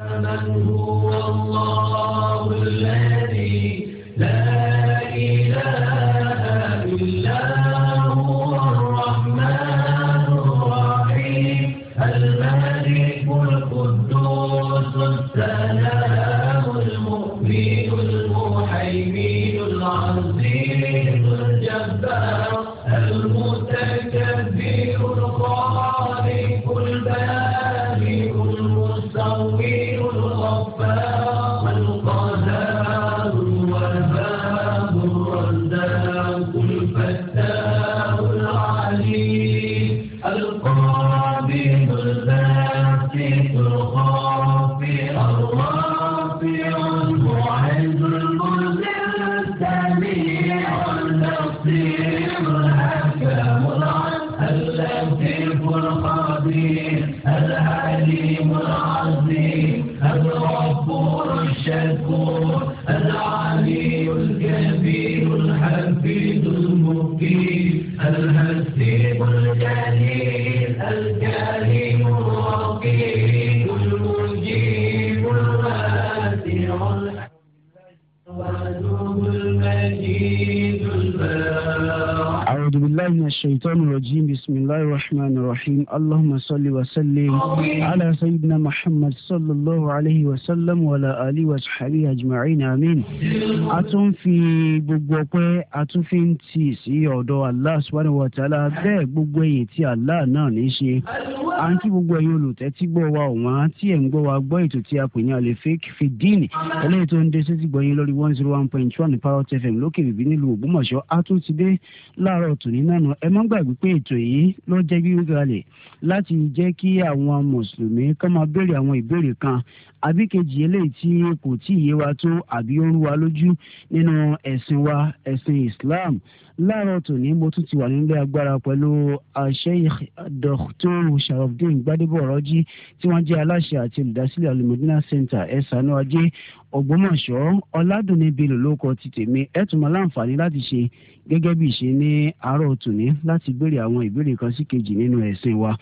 من هو الله الذي لا إله إلا هو الرحمن الرحمن الرحيم اللهم صل وسلم على سيدنا محمد صلى الله عليه وسلم وعلى آله وصحبه أجمعين آمين a tún fi gbogbo ọpẹ́ a tún fi ń tì sí ọ̀dọ̀ Allah subhanahu wa ta'ala bẹ́ẹ̀ gbogbo èyí tí Allah náà ní í ṣe à ń kí gbogbo ẹ̀yin olùtẹ́tí gbọ́ wa ọ̀wọ́n tí ẹ̀ ń gbọ́ wa gbọ́ ètò tí a pè ní Al-Fiqh fi Din eléyìí tó ń dé sétí gbọ́yìn lórí one zero one point one Parrot FM lókè bìbí nílùú Ògbómọ̀ṣọ́ a tún ti dé láàárọ̀ tòní náà ẹ má gbàgbé pé ètò yìí ló rọ́jẹ́ gígalè láti jẹ́ kí àwọn mùsùlùmí ká máa béèrè àwọn ìbéèrè kan àbí kejì eléyìí tí kò tí ì yé wa tó àbí ó rú wa lójú nínú ẹ̀sìn wa ẹ̀sìn Islam láàárọ̀ tòní mo tún ti wà nílé agbára pẹ̀lú Sheikh Dr. Sharafdin Gbadebo Ọ̀rọ̀jí tí wọ́n jẹ́ aláṣẹ àti olùdásílẹ̀ Al-Madina Center ẹ̀sánú ajé Ògbómọ̀ṣọ́ ọ̀làdùnní bílù ló kọ ti tèmi ẹ tún máa láǹfààní láti ṣe gẹ́gẹ́ bí ìṣe ní àárọ̀ tòní láti béèrè àwọn ìbéèrè kan sí kejì nínú ẹ̀sìn wa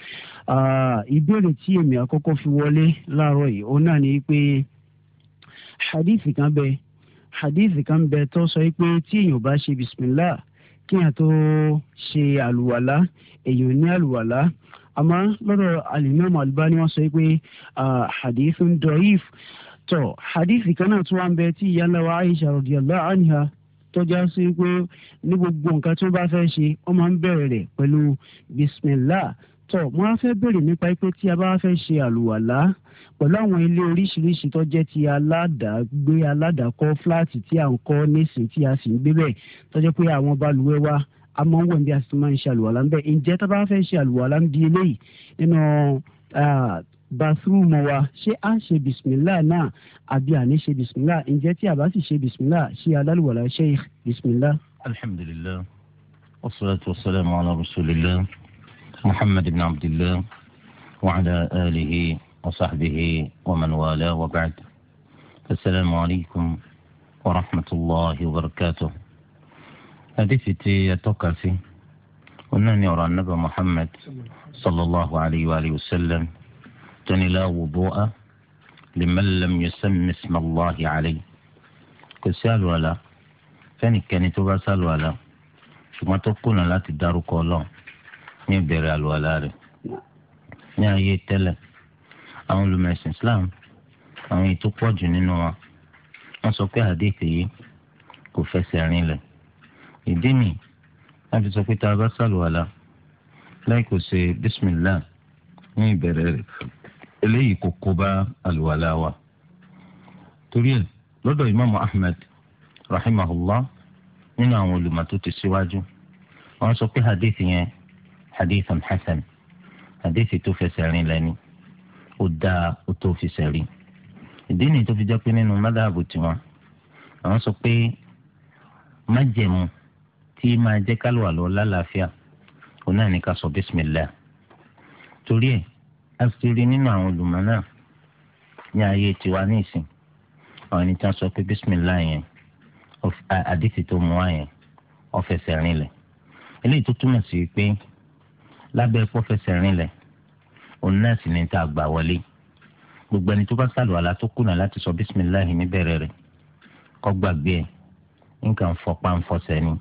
ìbéèrè tí èmi àkọ́kọ́ fi wọlé láàárọ̀ yìí òun náà ni pé hadithi kan bẹ hadithi kan bẹ tó sọ pé tí èèyàn bá ṣe bismillah kí èèyàn tó ṣe àlùwàlá èèyàn ní àlùwàlá àmọ́ lọ́dọ̀ alimami Albani wọ́n sọ pé hadithun da'if tọ hadithi kan náà tún wá ń bẹ tí ìyá ńlá wa aisha radiyallahu anha tọjá sí pé ní gbogbo nǹkan tí wọn bá fẹ́ ṣe wọn máa ń bẹ̀rẹ̀ rẹ̀ pẹ̀lú bismillah tọ mo á fẹ́ bèrè nípa pé tí a bá fẹ́ ṣe àlùwàlá pẹ̀lú àwọn ilé oríṣiríṣi tó jẹ́ ti aládàágbé aládàákọ́ fúláàtì tí à ń kọ́ nísìn tí a sì ń gbé bẹ́ẹ̀ tó pé àwọn balùwẹ̀ wa a máa ń wọ̀ bí a sì máa ń ṣe àlùwàlá ń bẹ́ẹ̀ ǹjẹ́ tá a bá fẹ́ ṣe àlùwàlá ń di eléyìí nínú bàtúrùmù wa ṣé à ń ṣe bisimilá náà àbí àní ṣe bisimilá ǹjẹ́ tí a bá sì ṣe bisimilá ṣe alálùwàlá ṣe bisimilá. alhamdulilayi wasalaatu wasalaamu ala rasulillah muhammad ibn abdillah wa ala alihi wa sahbihi wa man wala wa ba'd asalaamu alaykum wa rahmatulahi wa barakatuh. hadithi ti a tọ́ka sí. ونحن نرى النبي محمد صلى الله عليه وآله وسلم tóni la wudu'a liman lam yusammi isma Allahi alayhi kò sí àlùwàlà fẹ́nikẹ́ni tó bá sàlùwàlà ṣùgbọ́n tó kùnà láti dárúkọ Ọlọ́run ní ìbẹ̀rẹ̀ àlùwàlà rẹ̀ ní ayé tẹ́lẹ̀ àwọn olùmẹ̀sìn Islam àwọn ètò pọ̀jù nínú wa wọ́n sọ pé àdéhùn yìí kò fẹsẹ̀ rinlẹ̀ ìdí nìyí láti sọ pé tá a bá sàlùwàlà láì kò ṣe bísímìlá ní ìbẹ̀rẹ̀ rẹ̀ eléyìí kò kó bá àlùwàlá wa torí ẹ̀ lọ́dọ̀ imaamu ahmed rahimahullah nínú àwọn olùmọ̀ tó ti síwájú wọ́n sọ pé hadith yẹn hadith hasan hadith tó fẹsẹ̀ rìn lẹ́ni ó dáa ó tó fi sẹ̀rí ìdí nìyí tó fi jẹ́ pé nínú mádàbù tiwọn àwọn sọ pé májẹ̀mú tí máa jẹ́ kálùwà lọ lálàáfíà òun náà ní ká sọ bísímìlá torí ẹ̀ àṣírí nínú àwọn olùmọ̀ náà ní ayé tiwa nísìn àwọn ẹni tí wọ́n sọ pé bísímìláì yẹn àdìsí tó mú wa yẹn ó fẹsẹ̀ rinlẹ̀ eléyìí tó túmọ̀ sí pé lábẹ́ pọ́fẹsẹ̀ rinlẹ̀ òun náà sì ní tá a gbà wọlé gbogbo ẹni tó bá sàlùwàlá tó kùnà láti sọ bísímìláì níbẹ̀rẹ̀ rẹ̀ kó gbàgbé ẹ̀ nǹkan fọpá ń fọsẹ̀ ni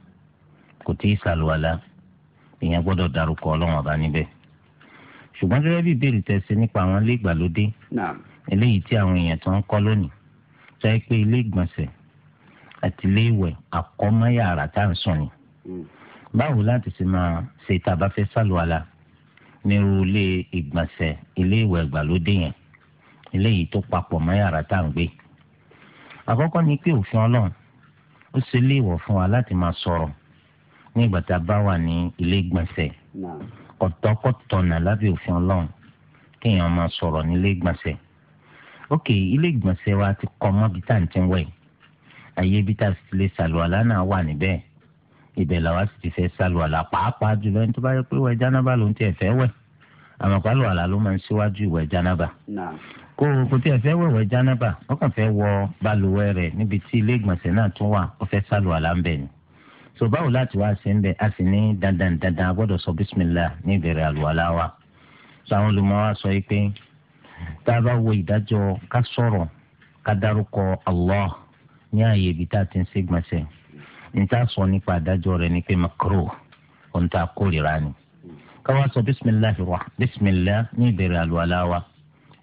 kò tí ì sàlùwàlá ìyẹn gbọ́dọ̀ dárúkọ ọlọ́wọ́n ọba níbẹ̀ ṣùgbọ́n gẹ́gẹ́ bí ìbéèrè tẹ̀sí nípa àwọn ilé ìgbàlódé eléyìí tí àwọn èèyàn tó ń kọ́ lónìí tó yẹ pé ilé ìgbọ̀nsẹ̀ àti ilé ìwẹ̀ àkọ́mọ́yàrá tá à ń sùn ni hmm. báwo láti sì máa ṣe tá a bá fẹ́ sàlùwàlà nírú ilé ìgbọ̀nsẹ̀ ilé ìwẹ̀ ìgbàlódé yẹn eléyìí tó papọ̀ mọ́yàrá tá à ń gbé àkọ́kọ́ ni pé òfin ọlọ́run ó ṣe léèwọ̀ fún wa láti máa sọ̀rọ̀ nígbà tá a bá wà ní ilé ìgbọ̀nsẹ̀ kọ̀tọ́kọ̀tọ̀nà lábẹ́ òfin ọlọ́run kéèyàn máa sọ̀rọ̀ nílé ìgbọ̀nsẹ̀ ókè ilé ìgbọ̀nsẹ̀ wa ti kọ́ mọ́ bí táà ń ti wẹ̀ àyè ibi tá a sì ti lè ṣàlùwàlá náà wà níbẹ̀ ibẹ̀ làwa sì ti fẹ́ ṣàlùwàlá pàápàá jùlọ ní tó bá yẹ pé ìwẹ̀ jánábà ló ń tiẹ̀ fẹ́ wẹ̀ àmọ̀pá àlùwàlá ló máa ń síwájú ìwẹ̀ jánábà kó o kò tí ẹ fẹ́ wẹ̀wẹ̀ jánábà ó kàn fẹ́ wọ balùwẹ̀ rẹ̀ níbi tí ilé ìgbọ̀nsẹ̀ náà tún wà ó fẹ́ ṣàlùwàlá ń bẹ̀ ni so báwo láti wá sí ń bẹ ní dandan dandan a gbọ́dọ̀ sọ bisimilah ní ìbẹ̀rẹ̀ àlùwalá wa so àwọn olùmọ̀ wa sọ yìí pé tá a bá wo ìdájọ́ ká sọ̀rọ̀ ká dárúkọ allah ní ààyè ibi tá a ti ń ṣe gbọ̀nsẹ̀ n ta sọ nípa àdájọ́ rẹ̀ ni pé makaro ohun tá a kórìíra ni ká wá sọ bisimilah wa bisimilah ní ìbẹ̀rẹ̀ àlùwalá wa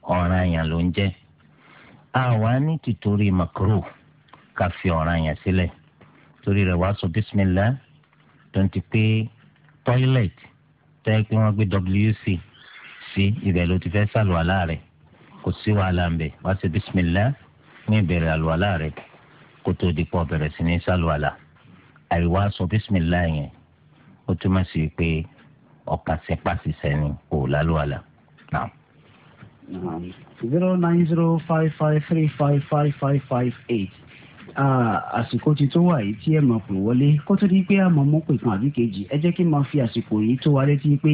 ọ̀ràn àyàn ló ń jẹ́ àwa ní tìtorí makaro ká fi ọ̀ràn àyàn sílẹ̀. Si torí rẹ̀ wàá sọ bísímìlá tó pé toilet tó yẹ pé wọ́n gbé wc sí ibẹ̀ ló ti fẹ́ sàlùwàlá rẹ̀ kò sí wàhálà ń bẹ̀ wàá sọ bísímìlá ní ìbẹ̀rẹ̀ àlùwàlá rẹ̀ kó tó di pọ̀ bẹ̀rẹ̀ sí ní sàlùwàlá àríwá sọ bísímìlá yẹn ó túmọ̀ sí pé ọ̀kan sẹ́pà sísẹ́ ni kò lálùwàlá náà. zero nine zero five five three five five five five eight àsìkò ti tó wà yìí tí ẹ máa pè wọlé kó tó di pé àmọ́ mọ́ pè kan àbí kejì ẹ jẹ́ kí n máa fi àsìkò yìí tó wa létí pé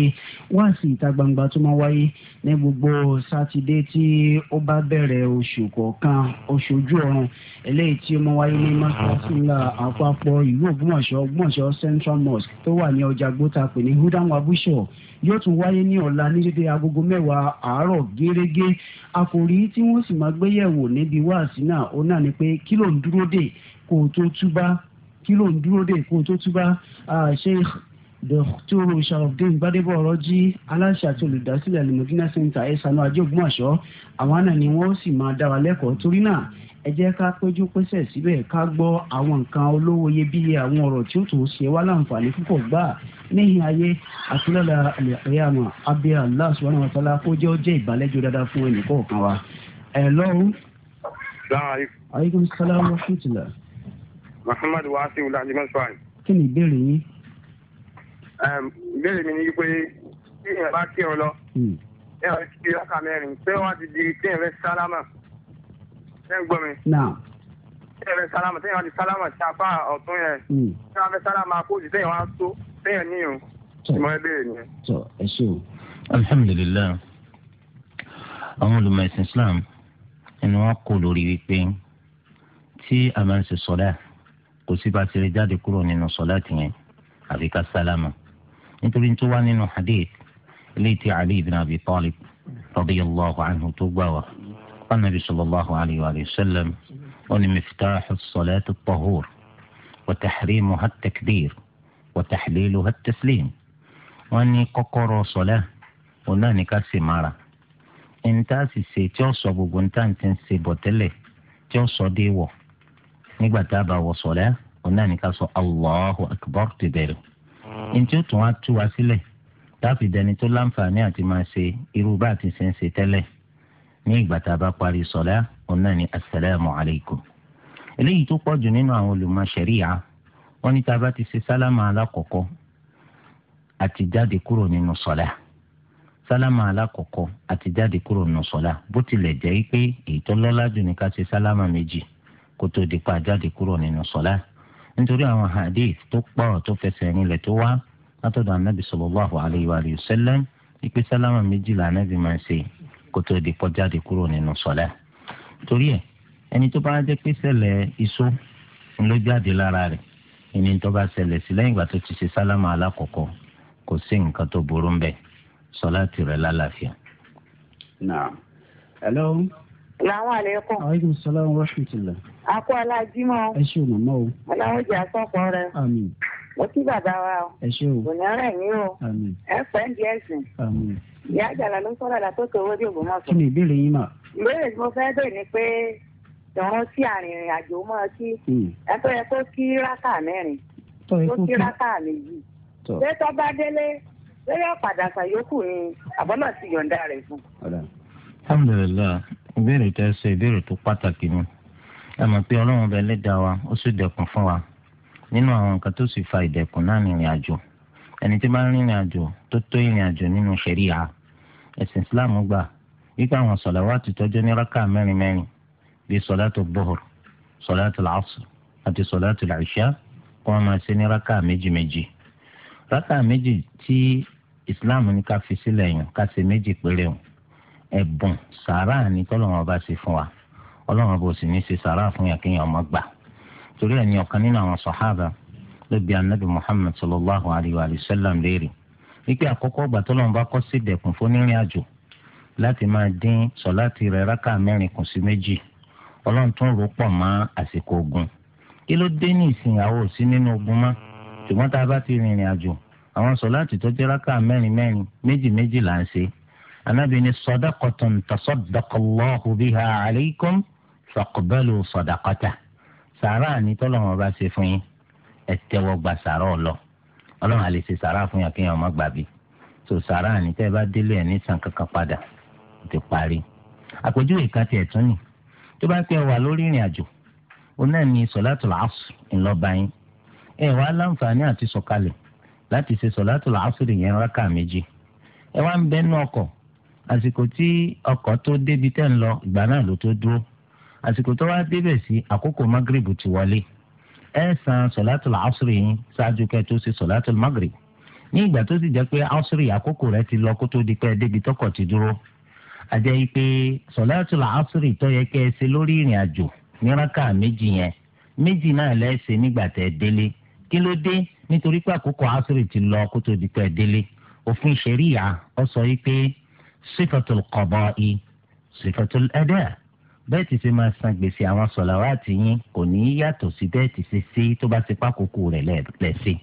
wáàsí ìta gbangba tó máa wáyé ní gbogbo sátidé tí ó bá bẹ̀rẹ̀ oṣù kọ̀ọ̀kan oṣù ojú ọ̀run eléyìí tí ó máa wáyé ní masasila àpapọ̀ ìlú Ògbómọ̀ṣọ́ Ògbómọ̀ṣọ́ Central Mosque tó wà ní ọjà gbóta pè ní hudan wabusho yóò tún wáyé ní ọ̀la ní dédé agogo mẹ́wàá àárọ̀ gẹ́gẹ́ àkòrí tí wọ́n sì máa gbéyẹ̀wò níbi wáàsí náà ó náà ni pé kí ló ń dúró dè kó o tó túbá kí ló ń dúró dè kó o tó túbá ah, Sheikh shall the dókítà sharafdin gbadebo ọrọjí aláṣẹ àti olùdásílẹ̀ alimọdínà center ẹsànú ajẹgbọmọṣọ àwọn àna ni wọn sì máa dára lẹ́kọ̀ọ́ torí náà ẹ jẹ́ ká péjú pésẹ̀ síbẹ̀ ká gbọ́ àwọn nǹkan olówó iyebíye àwọn ọ̀rọ̀ tí ó tó ṣe wá láǹfààní púpọ̀ gbà níhìn ayé àti lọ́la àlẹyàmọ abẹ Allah subhanahu wa ta'ala kó jẹ ó jẹ ìbàlẹjọ dáadáa fún ẹnì kọ̀ọ̀kan wa. ẹ lọ́rùn. aleykum salaam wa rahmatulah. muhammadu wa asiwulajimanswari. kí ni ìbéèrè yín ìbéèrè mi ni pé tí èèyàn bá kí ọ lọ ẹ hmm. ọ ti di ọkà mẹ́rin pé wọn ti di tí èèyàn fẹ́ sálámà ṣé ń gbọ́ mi. tí èèyàn fẹ́ sálámà tí èèyàn ti sálámà sí apá ọ̀tún yẹn hmm. tí wọn fẹ́ sálámà kó jù téèyàn wá tó téèyàn níyàn ìmọ̀ ìbéèrè nìyẹn. tọ ẹ ṣe o alhamdulilayi àwọn olùmọ̀ islam ẹni wọn kò lórí wípé tí a máa ń ṣe sọlá kò sí bá ti rí jáde kúrò nínú sọlá tìyẹn àfi ká sálámà. nítorí tó wá nínú hadith eléyìí tí ali ibn abi talib radiyallahu anhu tó gbà wá anabi sallallahu alayhi wa sallam ó ní miftaḥu salatu tahur wa tahrimuha takbir wa tahliluha taslim wọ́n ní kọ́kọ́rọ́ sọlá òun náà ní ká sì mara níta sì ṣe tí ó sọ gbogbo níta ti ń ṣe bọ̀ tẹ́lẹ̀ tí ó sọ dé wọ̀ nígbà tá a bá wọ sọlá òun náà ní ká sọ allahu akbar ti bẹ̀rẹ̀. ntí mm. ó tún wá tú wa sílẹ̀ táàfì dẹni tó láǹfààní àti máa ṣe irú bá àti ṣe ń ṣe tẹ́lẹ̀ ní ìgbà tá a bá parí sọ̀lá òun náà ni asalaamu alaykum. eléyìí tó pọ̀ jù nínú àwọn olùmọ̀ ṣẹ̀ríyà wọ́n ní tá a bá ti ṣe sálámà alákọ̀ọ́kọ́ àti jáde kúrò nínú sọ̀lá sálámà alákọ̀ọ́kọ́ àti jáde kúrò nínú sọ̀lá bó tilẹ̀ jẹ́ pé èyí tó lọ́lá jù ní ká ṣe sálámà méjì kó tó di jáde kúrò nínú sọ̀lá nítorí àwọn hadith tó pọ̀ tó fẹsẹ̀ nílẹ̀ tó wá látọ̀dọ̀ anabi sallallahu alayhi wa sallam ìpè sálámà méjìlá anabi máa ń ṣe kó tó di kọjáde kúrò nínú sọlẹ torí ẹ ẹni tó bá jẹ́ pé ṣẹlẹ̀ iṣó ló jáde lára rẹ̀ ẹni tó bá ṣẹlẹ̀ sí lẹ́yìn ìgbà tó ti ṣe sálámà alákọ̀ọ́kọ́ kò sí nǹkan tó burú ń bẹ sọláàtì lálàáfíà. naam hello. àkó alájímọ. ẹ ṣe màmá o. ọlọ́run jẹ́ àkọ́kọ́ rẹ. mo bàbá wa o. ẹ ṣe o. kò mi o. àmín. ẹ pẹ́ ń di ẹ̀sìn. ìyá àjàlá ló owó dé ògbómọ̀ṣọ́. kí ni ìbéèrè yín mà. ìbéèrè tí mo fẹ́ ni pé ìrún tí arìnrìn àjò máa kí hmm. ẹ kó kí rákà mẹ́rin kí rákà méjì pé bá délé alhamdulilayi ìbéèrè ṣe ìbéèrè tó pàtàkì ẹ mọ̀ pé ọlọ́run bẹ lẹ́dàá wa ó sì dẹ̀kun fún wa nínú àwọn nǹkan tó sì fa ìdẹ̀kun náà ní ìrìn àjò ẹni tí bá ń rìnrìn àjò tó tó ìrìn àjò nínú ṣẹ̀ríà ẹ̀sìn islam gbà wípé àwọn sọ̀làwátì tó jẹ́ ní rákà mẹ́rin mẹ́rin bíi sọ̀látù bọ́ọ̀rù sọ̀látù làásù àti sọ̀látù làìṣá kó wọ́n máa ṣe ní rákà méjì méjì rákà méjì tí islam ní ká fi sílẹ̀ yàn ká ṣe méjì péré ẹ̀bùn sàárà ní tọ́lọ́wọ́n bá ṣe fún wa ọlọ́run bò sì ní í ṣe sàrà fún yàn kéèyàn ọmọ gbà torí ẹ̀ ní ọ̀kan nínú àwọn sàhábà ló bi anabi muhammed sallallahu alayhi wa sallam léèrè wípé àkọ́kọ́ ọgbà tó lọ́n bá kọ́ sí dẹ̀kùn fún onírìn àjò láti máa dín sọ̀láàtì rẹ̀ rákà mẹ́rin kù sí méjì ọlọ́run tún rò pọ̀ mọ́ àsìkò ogun kí ló dé ní ìsìn àwọn òsín nínú ogun mọ́ ṣùgbọ́n tá a bá ti rìnrìn àjò àwọn sọ̀láàtì tó jẹ́ rákà mẹ́rin mẹ́rin méjì méjì là ń ṣe anabi ni sadaqatan tasaddaqallahu biha alaykum fàkọbẹ́lù sọ̀dàkọ́tà sàárà ni tọ́lọ́wọ́n bá ṣe fún yín ẹ tẹ́wọ́ gba sàárà ọ̀lọ́ ọlọ́run àlè ṣe sàárà fún yàn kéèyàn má gbà bí so sàárà ni tẹ́ ẹ bá délé ẹ̀ ní san kankan padà ó ti parí. àpèjúwe kan tiẹ̀ tún nì tó bá pẹ́ wà lórí ìrìn àjò ó náà ní sọ̀látùl àṣù ńlọ́ba yín ẹ wá láǹfààní àti sọ̀kalẹ̀ láti ṣe sọ̀látùl àṣù yẹn rákà méjì ẹ wá ń bẹ́nu ọkọ̀ àsìkò tí ọkọ̀ tó débi tẹ́ ń lọ ìgbà náà ló tó dúró àsìkò tó wá débẹ̀ sí àkókò magreb ti wọlé ẹ san sọlátùl asri yín ṣáájú kẹ́ tó ṣe sọlátùl magreb ní ìgbà tó sì jẹ́ pé asri àkókò rẹ̀ ti lọ kó tó di pé débi tọkọ̀ ti dúró àjẹ́ pé sọlátùl asri tó yẹ kẹ́ ẹ ṣe lórí ìrìn àjò ní rákà méjì yẹn méjì náà lẹ́ nígbà tẹ́ délé kí ló dé nítorí pé àkókò asri ti lọ kó tó di pé délé òfin ṣẹ̀ríyà ó sọ yìí pé sífàtul qada'i sífàtul ada' bẹ́ẹ̀ ti ṣe máa san gbèsè àwọn sọ̀làwátì yín kò ní í yàtọ̀ sí bẹ́ẹ̀ ti ṣe ṣe tó bá ti pákòkò rẹ̀ lẹ́sẹ̀.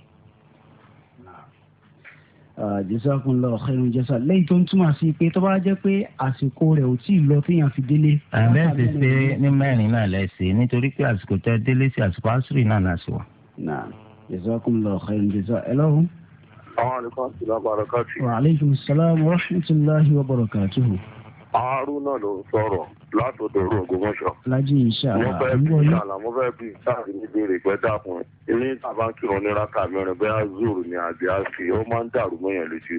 jazakumullahu khairan jasa lẹ́yìn tó ń túmọ̀ sí pé tó bá jẹ́ pé àsìkò rẹ̀ ò tí ì lọ téèyàn fi délé. àbẹ́ ti ṣe ní mẹ́rin náà lẹ́sẹ̀ nítorí pé àsìkò tẹ délé sí àsìkò àṣírí náà náà sì wà. jazakumullahu khairan jasa ẹ lọ́wọ́. wa alaykum salaam wa rahmatullahi wa barakatuhu haruna ló ń sọ̀rọ̀ látòdò oró Ògbómọ̀ṣọ́. alájí ìṣàlà mo fẹ́ bí ìṣàlà mo fẹ́ bí ìṣàlà ní ìbéèrè pé dákun ní tàbá kírun ní rákà mẹ́rin bẹ́ẹ̀ zoro ni àbí àṣì ó máa ń dàrú mọ́yàn lójú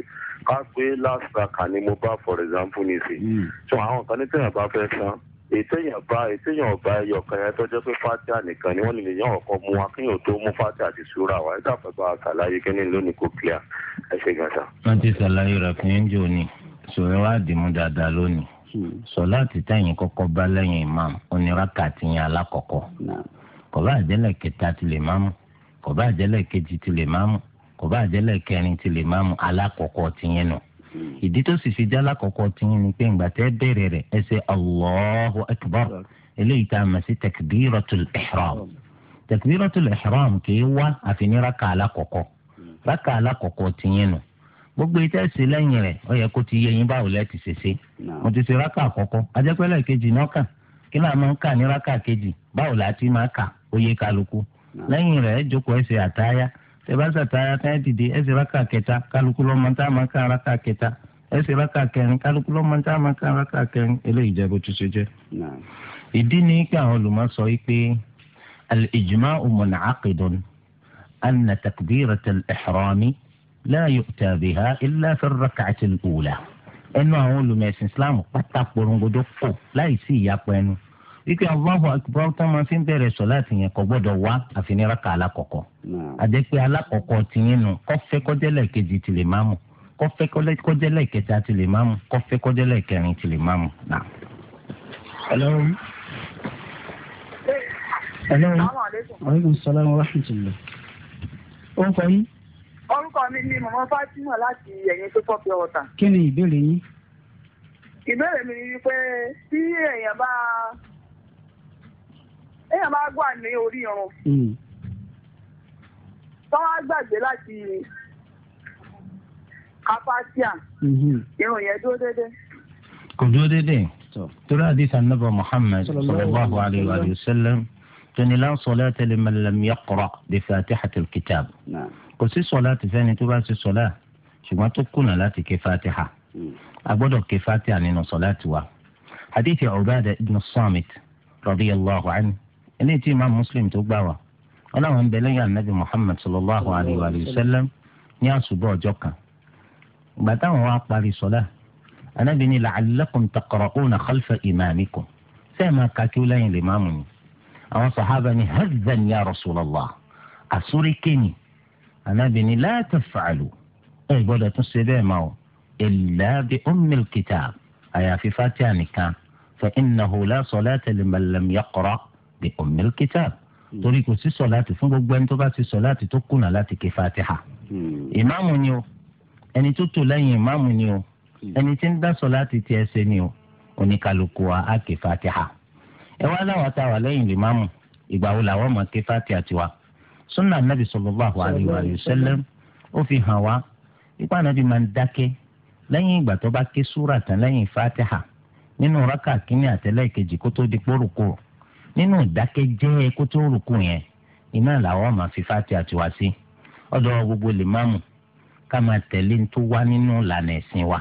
ká pé last raka ni mo bá for example nìsín hmm. so àwọn kan ní tẹ̀yàn bá fẹ́ san ètèyàn bá ètèyàn ọba ẹyọ kan yẹn tó jẹ́ pé fatia nìkan ni wọ́n lè yàn ọkọ mu wa kéèyàn tó mú fatia àti sura wa ẹ dáfẹ́ bá a ṣàlàyé kí ni lónìí kò clear ẹ ṣe gàdá. wọ́n ti ṣàlàyé rẹ̀ fún yín jò sọ̀rọ̀ wa dì mú dáadáa lónìí hmm. sọláàtì tẹ̀yìn kọ́kọ́ bá lẹ́yìn imam oníraka ti yẹn alákọ̀ọ́kọ́ kọ̀bá àjẹlẹ̀ kẹta ti lè máàmù kọ̀bá àjẹlẹ̀ kejì ti lè máàmù kọ̀bá àjẹlẹ̀ kẹrin ti lè máàmù alákọ̀ọ́kọ́ ti yẹn nù hmm. ìdí tó sì fi jẹ́ alákọ̀ọ́kọ́ ti yẹn ni pé ìgbà tẹ́ bẹ̀rẹ̀ rẹ̀ ẹ ṣe allahu eléyìí tá a mọ̀ sí takbiratul ihram hmm. takbiratul gbogbo ìtẹ́ ṣe lẹ́yìn rẹ̀ ó yẹ kó ti yẹ yín báwo lẹ́ ti ṣe ṣe mo ti ṣe rákà àkọ́kọ́ ajẹ́pẹ́lẹ́ kejì náà kà kí láà máa ń kà ní rákà kejì báwo la ti máa kà kálukú lẹ́yìn rẹ̀ jókòó àtáyá tẹ́ dìde rákà kẹta kálukú tá a máa kà rákà kẹta la yukta biha illa fi rak'ati al-ula ẹnu àwọn olùmẹ̀sìn islam pátá porongodo kò láì sí ìyapa ẹnu wípé Allahu akbar tó máa fi ń bẹ̀rẹ̀ sọ̀láàtì yẹn kò gbọ́dọ̀ wá àfi ní rákà alákọ̀ọ́kọ́ àjẹpẹ́ alákọ̀ọ́kọ́ tìyín nù kọ́fẹ́ kọjẹ́lẹ̀ kejì ti lè máàmù kọ́fẹ́ kọjẹ́lẹ̀ kẹta ti lè máàmù kọ́fẹ́ kọjẹ́lẹ̀ kẹrin ti lè máàmù. Hello. Hello. Wa alaikum salaam wa rahmatullah. ó ń kọ́ yín orúkọ mi ni mọ̀mọ́ Fátímọ̀ láti ẹ̀yìn tó fọ́fẹ́ ọ̀tà. kí ni ìbéèrè yín. ìbéèrè mi ni pé tí èèyàn bá èèyàn bá gbà ní orí irun hmm. tó wá gbàgbé láti kápásíà hmm. irun yẹn dúró dédé. kò dúró dédé torí àdìsá nàbà Muhammad sallallahu alayhi wa sallam tó ní la salata liman lam yaqra bi fatihatil kitab kò sí sọlá ti fẹ́ni tó bá ṣe sọlá ṣùgbọ́n tó kùnà láti ké fatiha hmm. a gbọ́dọ̀ ké fatiha nínú sọlá tiwa hadithi Ubadah ibn Samit radiyallahu anhu eléyìí tí imaam Muslim tó gbà wá wọn làwọn ń bẹ lẹ́yìn anabi Muhammad sallallahu alayhi wa sallam ní àṣùbọ̀ ọjọ́ kan ìgbà táwọn wá parí sọlá anabi ni la'allakum taqra'una khalfa imamikum sẹ́ẹ̀ máa ka kí ó lẹ́yìn anabi ni la taf'alu ẹ gbọ́dọ̀ tún ṣe bẹ́ẹ̀ máa o illa bi ummil kitab àyàfi fatiha nìkan fa innahu la salata liman lam yaqra bi ummil kitab hmm. torí kò sí sọláàtì fún gbogbo ẹni tó bá ti sọláàtì tó kùnà láti ké fatiha. Hmm. ìmáàmù ni o ẹni tó tò lẹ́yìn ìmáàmù ni o hmm. ẹni tí ń dá sọláàtì tiẹ̀ ṣe ni o oníkàlùkù wa á ké fatiha. ẹ wá láwọn tá a ìmáàmù ìgbà wo làwọn máa ké fatiha tiwa sunna nabi sallallahu alayhi wa sallam ó fi hàn wá ipá nabi máa ń dákẹ́ lẹ́yìn ìgbà tó bá ké súrà tán lẹ́yìn fatiha nínú rákà kínní àtẹlẹ́kejì kó tó di pórùkù nínú ìdákẹ́jẹ́ kó tó rùkù yẹn iná làwọn máa fi fatiha tiwa sí ọ̀dọ̀ gbogbo lèmáàmù ká máa tẹ̀lé tó wá nínú ìlànà ẹ̀sìn wa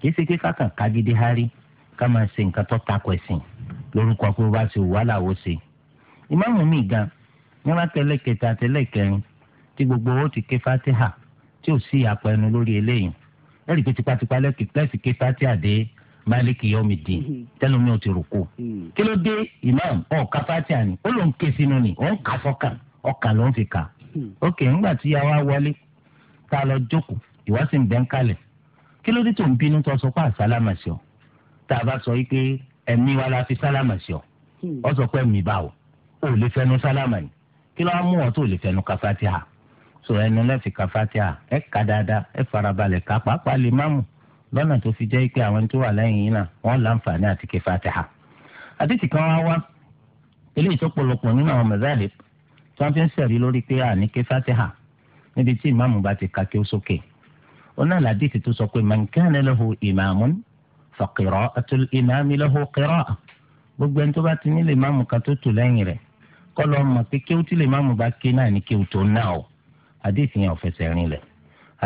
kì í ṣe pé kákan kágídé hárí ká máa ṣe nǹkan tó takò ẹ̀sìn lórúkọ pé bá ṣe wàhálà ó ṣe ìmáàmù mi gan nígbà tẹ́lẹ̀ kẹta tẹ́lẹ̀ kẹrin tí gbogbo owó ti ké fatiha tí ò sí ìyapa ẹnu lórí eléyìí ẹ̀rí pé tipátipá lẹ́sì ké fatiha dé máàlìkì yọmi dín mm-hmm. tẹ́lẹ̀ mi ò ti rúkú. Mm-hmm. kí ló dé imam ọ̀ka fatiha ni ó ló ń ké sínú ni ó ń kà sọ́kàn ọ̀kà ló ń fi kà. Mm-hmm. ok ńgbà tí yàrá wọlé tá a lọ jókòó ìwá sì ń bẹ́ ń kalẹ̀ kí ló dé tó ń bínú tó sọ pé àsálàmà tá a bá sọ yìí pé ẹ̀mí wa la fi sálàmà sí ọ ọ sọ pé ẹ̀mí báwo ò lè fẹnu sálàmà ni kí ló á mú ọ tó lè fẹnu ka fatiha so ẹnu lẹ́fi ka fatiha ẹ kà dáadáa ẹ farabalẹ̀ ká pàápàá lè má mú lọ́nà tó fi jẹ́ pé àwọn tó wà lẹ́yìn yìí náà wọ́n láǹfààní àti ké fatiha. àdìsí kan wá wá eléyìí tó pọ̀lọpọ̀ nínú àwọn mazahib tí wọ́n fi ń sẹ̀rí lórí pé à ní ké fatiha níbi tí ìmáàmù bá ti ka kí ó sókè. oná làdìsí tó sọ pé man kana lahu imamun fa qira'atul imami lahu gbogbo ẹni tó bá ti nílò ìmáàmù kan tó tò lẹ́yìn rẹ̀ kọlọ mọ̀ pé kí o tí lè má mú bá ké náà ní kí o tó náà o àdéhìí yẹn ò fẹsẹ̀ rìn lẹ̀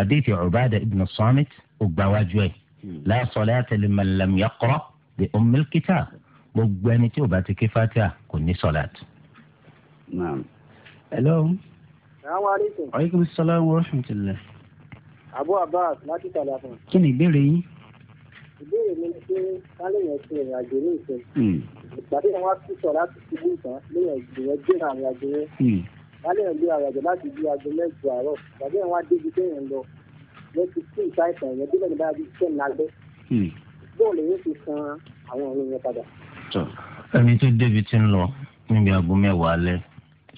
àdéhìí Ubada ibn Samit ó gbà wájú ẹ̀ hmm. la salata liman lam yaqra bi ummil kitab gbogbo ẹni tí ò bá ti ké Fatiha kò ní sọlát. hello. salaamaleykum. aleykum salaam wa rahmatulah. Abu Abbas láti tàlàfọ̀. kí ni ìbéèrè yín ìbéèrè mi ni pé káléèyàn ti ìrìn àjò ní ìfẹ́ hmm. ìpàdé yẹn wá sí sọ láti ṣubú ìtàn léèyàn ìgbìyànjú gbé àrùn àjò yẹn káléèyàn gbé àrùn àjò láti bí aago mẹ́jọ àárọ̀ ìpàdé yẹn wá débi téèyàn lọ ló ti kú ìta ìtàn yẹn débẹ̀ nígbà bíi iṣẹ́ ńlágbẹ́ hmm. bóòlù yẹn ti san àwọn ọ̀run yẹn padà. ẹni tó débi ti ń lọ níbi aago mẹ́wàá alẹ́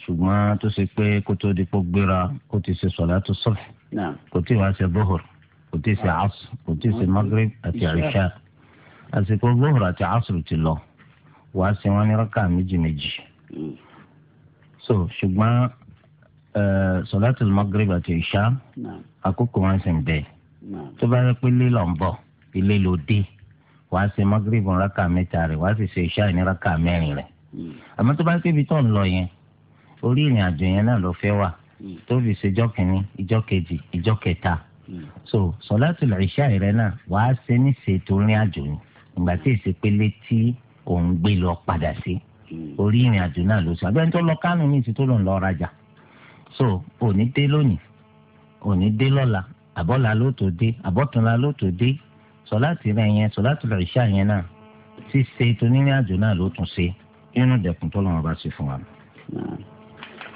ṣùgbọ́n tó ṣe pé kó tó di pọ́ gbéra ó ti ṣe sọ̀látù kò tí ì ṣe asr kò tí ì ṣe magreb àti àríṣà àsìkò gbóhùrà àti asr ti lọ wàá ṣe wọn ní rákà méjì méjì hmm. so ṣùgbọ́n sọláàtì magreb àti ìṣá àkókò wọn sì ń bẹ tó bá yẹ pé lílọ ń bọ̀ ilé ló dé wàá ṣe magreb ní rákà mẹ́ta rẹ̀ wàá sì ṣe ìṣá ní rákà mẹ́rin rẹ̀ hmm. àmọ́ tó bá yẹ pé ibi tó ń lọ yẹn orí ìrìn so sọláàtì ìṣá rẹ náà wàá ṣe ní ṣètò rìn àjò ni ìgbà tí èsì pélé tí òun gbé lọ padà sí orí ìrìn àjò náà ló sọ abẹ́ni tó lọ kánú ní ìsìn tó lòun lọ rajà so òní dé lónìí òní dé lọ́la àbọ̀là ló tó dé àbọ̀túnla ló tó dé sọláàtì rẹ yẹn sọláàtì ìṣá yẹn náà ṣíṣe ètò rìn àjò náà ló tún ṣe nínú dẹkùn tó lọ́wọ́ bá ṣe fún wa.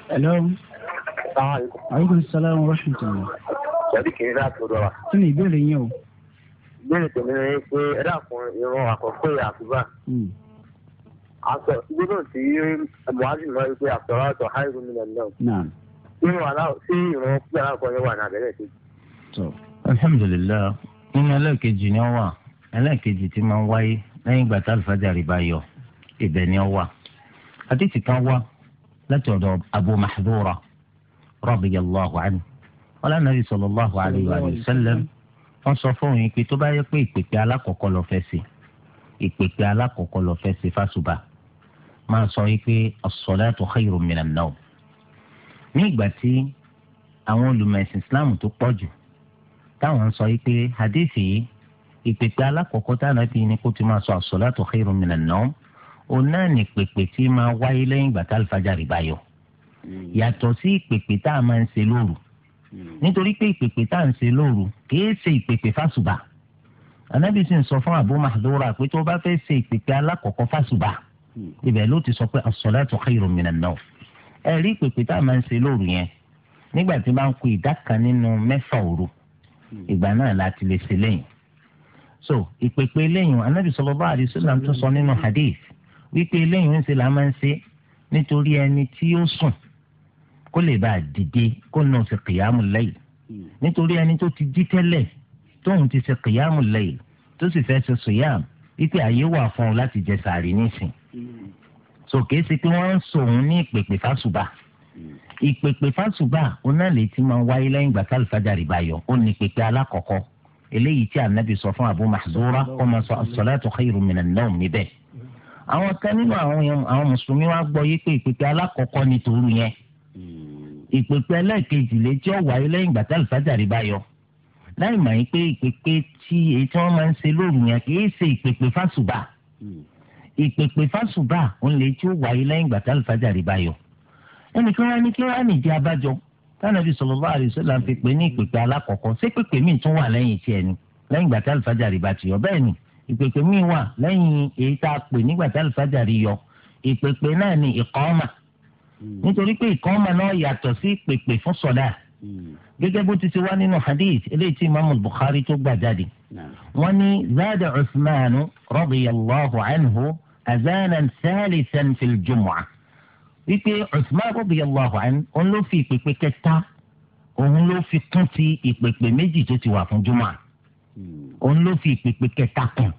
ẹ tàbí kìí rà tó dọ̀wà. kí ni ìbéèrè yín o. ìbéèrè tèmi ni pé ẹ dàkún irun àkọ́kọ́ yà àtúbà. Hmm. àtọ̀ gbọ́dọ̀ tí muhammed náà wípé àtọ̀rọ̀ àtọ̀ háìrù mi náà. irun àlá sí irun pé alákọ̀ọ́ yẹn wà ní abẹ́rẹ́ kejì. alhamdulilayi nínú ẹlẹ́ẹ̀kejì ni ó wà ẹlẹ́ẹ̀kejì tí máa ń wáyé lẹ́yìn ìgbà tá alifájàrí bá yọ ibẹ̀ ni ó wà àdìsí kan wá láti abu mahdura radiyallahu anhu ọlànàbì sallallahu alayhi wa sallam wọ́n sọ fún òun pé tó bá yẹ pé ìpèpè alákọ̀ọ́kọ́ lọ fẹ́ sí ìpèpè alákọ̀ọ́kọ́ lọ fẹ́ sí fásùbà máa sọ pé as-salatu khayrun minan nawm ní ìgbà tí àwọn olùmọ̀ẹ̀sìn islam tó pọ̀ jù táwọn sọ pé hadithi yìí ìpèpè alákọ̀ọ́kọ́ táwọn ti ní kó ti máa sọ as-salatu khayrun minan nawm òun náà ní pèpè nítorí pé ìpèpè tá à ń ṣe lóru kìí ṣe ìpèpè fásùbà anabi sì ń sọ fún abu mahdura pé tó bá fẹ́ ṣe ìpèpè alákọ̀ọ́kọ́ fásùbà ibẹ̀ ló ti sọ pé as-salatu khayrun minan nawm ẹ rí ìpèpè tá a máa ń ṣe lóru yẹn nígbà tí bá ń kó ìdá kan nínú mẹ́fà òru ìgbà náà láti lè ṣe lẹ́yìn so ìpèpè lẹ́yìn anabi sallallahu alaihi wasallam tó sọ nínú hadith wípé lẹ́yìn ń ṣe là máa ń ṣe nítorí ẹni tí ó sùn kó lè bá a dìde kó nà ṣe kìyàmù lẹ́yìn nítorí ẹni tó ti jí tẹ́lẹ̀ tóun ti ṣe kìyàmù lẹ́yìn tó sì fẹ́ ṣe sòyàm wípé àyè wà fún un láti jẹ sàárì nísìn sòkè sí pé wọ́n ń sòun ní ìpèpè fásùbà ìpèpè fásùbà onáàlè tí máa ń wáyé lẹ́yìn ìgbà tálífàjárì bá yọ ó ní pèpè alákọ̀ọ́kọ́ eléyìí tí anabi sọ fún abu mahzura kó máa sọ as-salatu khairu minan níbẹ̀ àwọn kan nínú àwọn mùsùlùmí wa gbọ́ yí pé ìpèpè alákọ̀ọ́kọ́ nítorí yẹn ìpèpè ẹlẹ́ẹ̀kejì lè tí ó wáyé lẹ́yìn ìgbà tí àlùfáàjàrí bá yọ láì mọ̀ pé ìpèpè tí èyí tí wọ́n máa ń ṣe lóru yẹn kì í ṣe ìpèpè fásùbà hmm. ìpèpè fásùbà òun lè tí ó wáyé lẹ́yìn ìgbà tí àlùfáàjàrí bá yọ ẹnìkan wá ní kí wọ́n á nìjẹ́ abájọ tánàbí sallallahu alaihi wasallam fi pè ní ìpèpè alákọ̀ọ́kọ́ ṣé pèpè míì tún wà lẹ́yìn ni lẹ́yìn ìpèpè náà ni ìkọ́ọ́mà Hmm. nítorí pé ìkọ́mọ náà yàtọ̀ sí pèpè fún sọ̀dá hmm. gẹ́gẹ́ bó ti ṣe wá nínú hadith eléyìí tí imaamu bukhari tó gbà jáde wọ́n ní zaada usman radiyallahu anhu azanan salisan fil jumu'ah wípé usman radiyallahu anhu òun ló fi ìpèpè kẹta òun ló fi kún ti ìpèpè méjì tó ti wà fún jumu'ah hmm. òun ló fi ìpèpè kẹta kún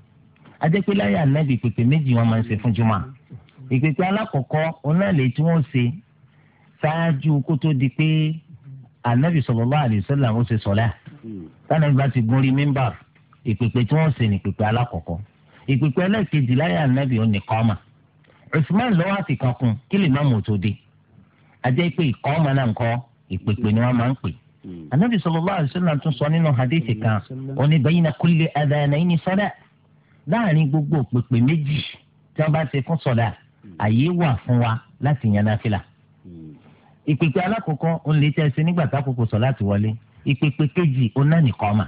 adépẹ́láyà nàbì ìpèpè méjì wọn máa ń ṣe fún jumu'ah ìgbésẹ̀ alákọ̀ọ́kọ́ onáàlẹ́ tí wọ́n ṣe ṣáájú kó tó di pé anabi sallallahu alaihi wasallam ó ṣe sọlá tánàbí bá ti gún rí mímbà ìpèpè tí wọ́n ṣe ní ìpèpè alákọ̀ọ́kọ́ ìpèpè ẹlẹ́ẹ̀kejì láyé anabi ó ní kọ́mà Usman lọ́wọ́ àti kankun kí lè má mọ̀ tó dé ajẹ́ pé ìkọ́mà náà ń kọ́ ìpèpè ni wọ́n máa ń pè anabi sallallahu alaihi wasallam tún sọ nínú hadith kan ó ní bayna kulli adhanaini salat láàrin gbogbo ìpèpè méjì tí wọ́n bá ṣe fún sọlá àyè wà fún wa láti yan náfìlà. Hmm. ìpèpè alákọ̀ọ́kọ́ ò lè tẹ́ ṣe nígbà tákòókò sọ láti wọlé ìpèpè kejì ò náà nìkan mà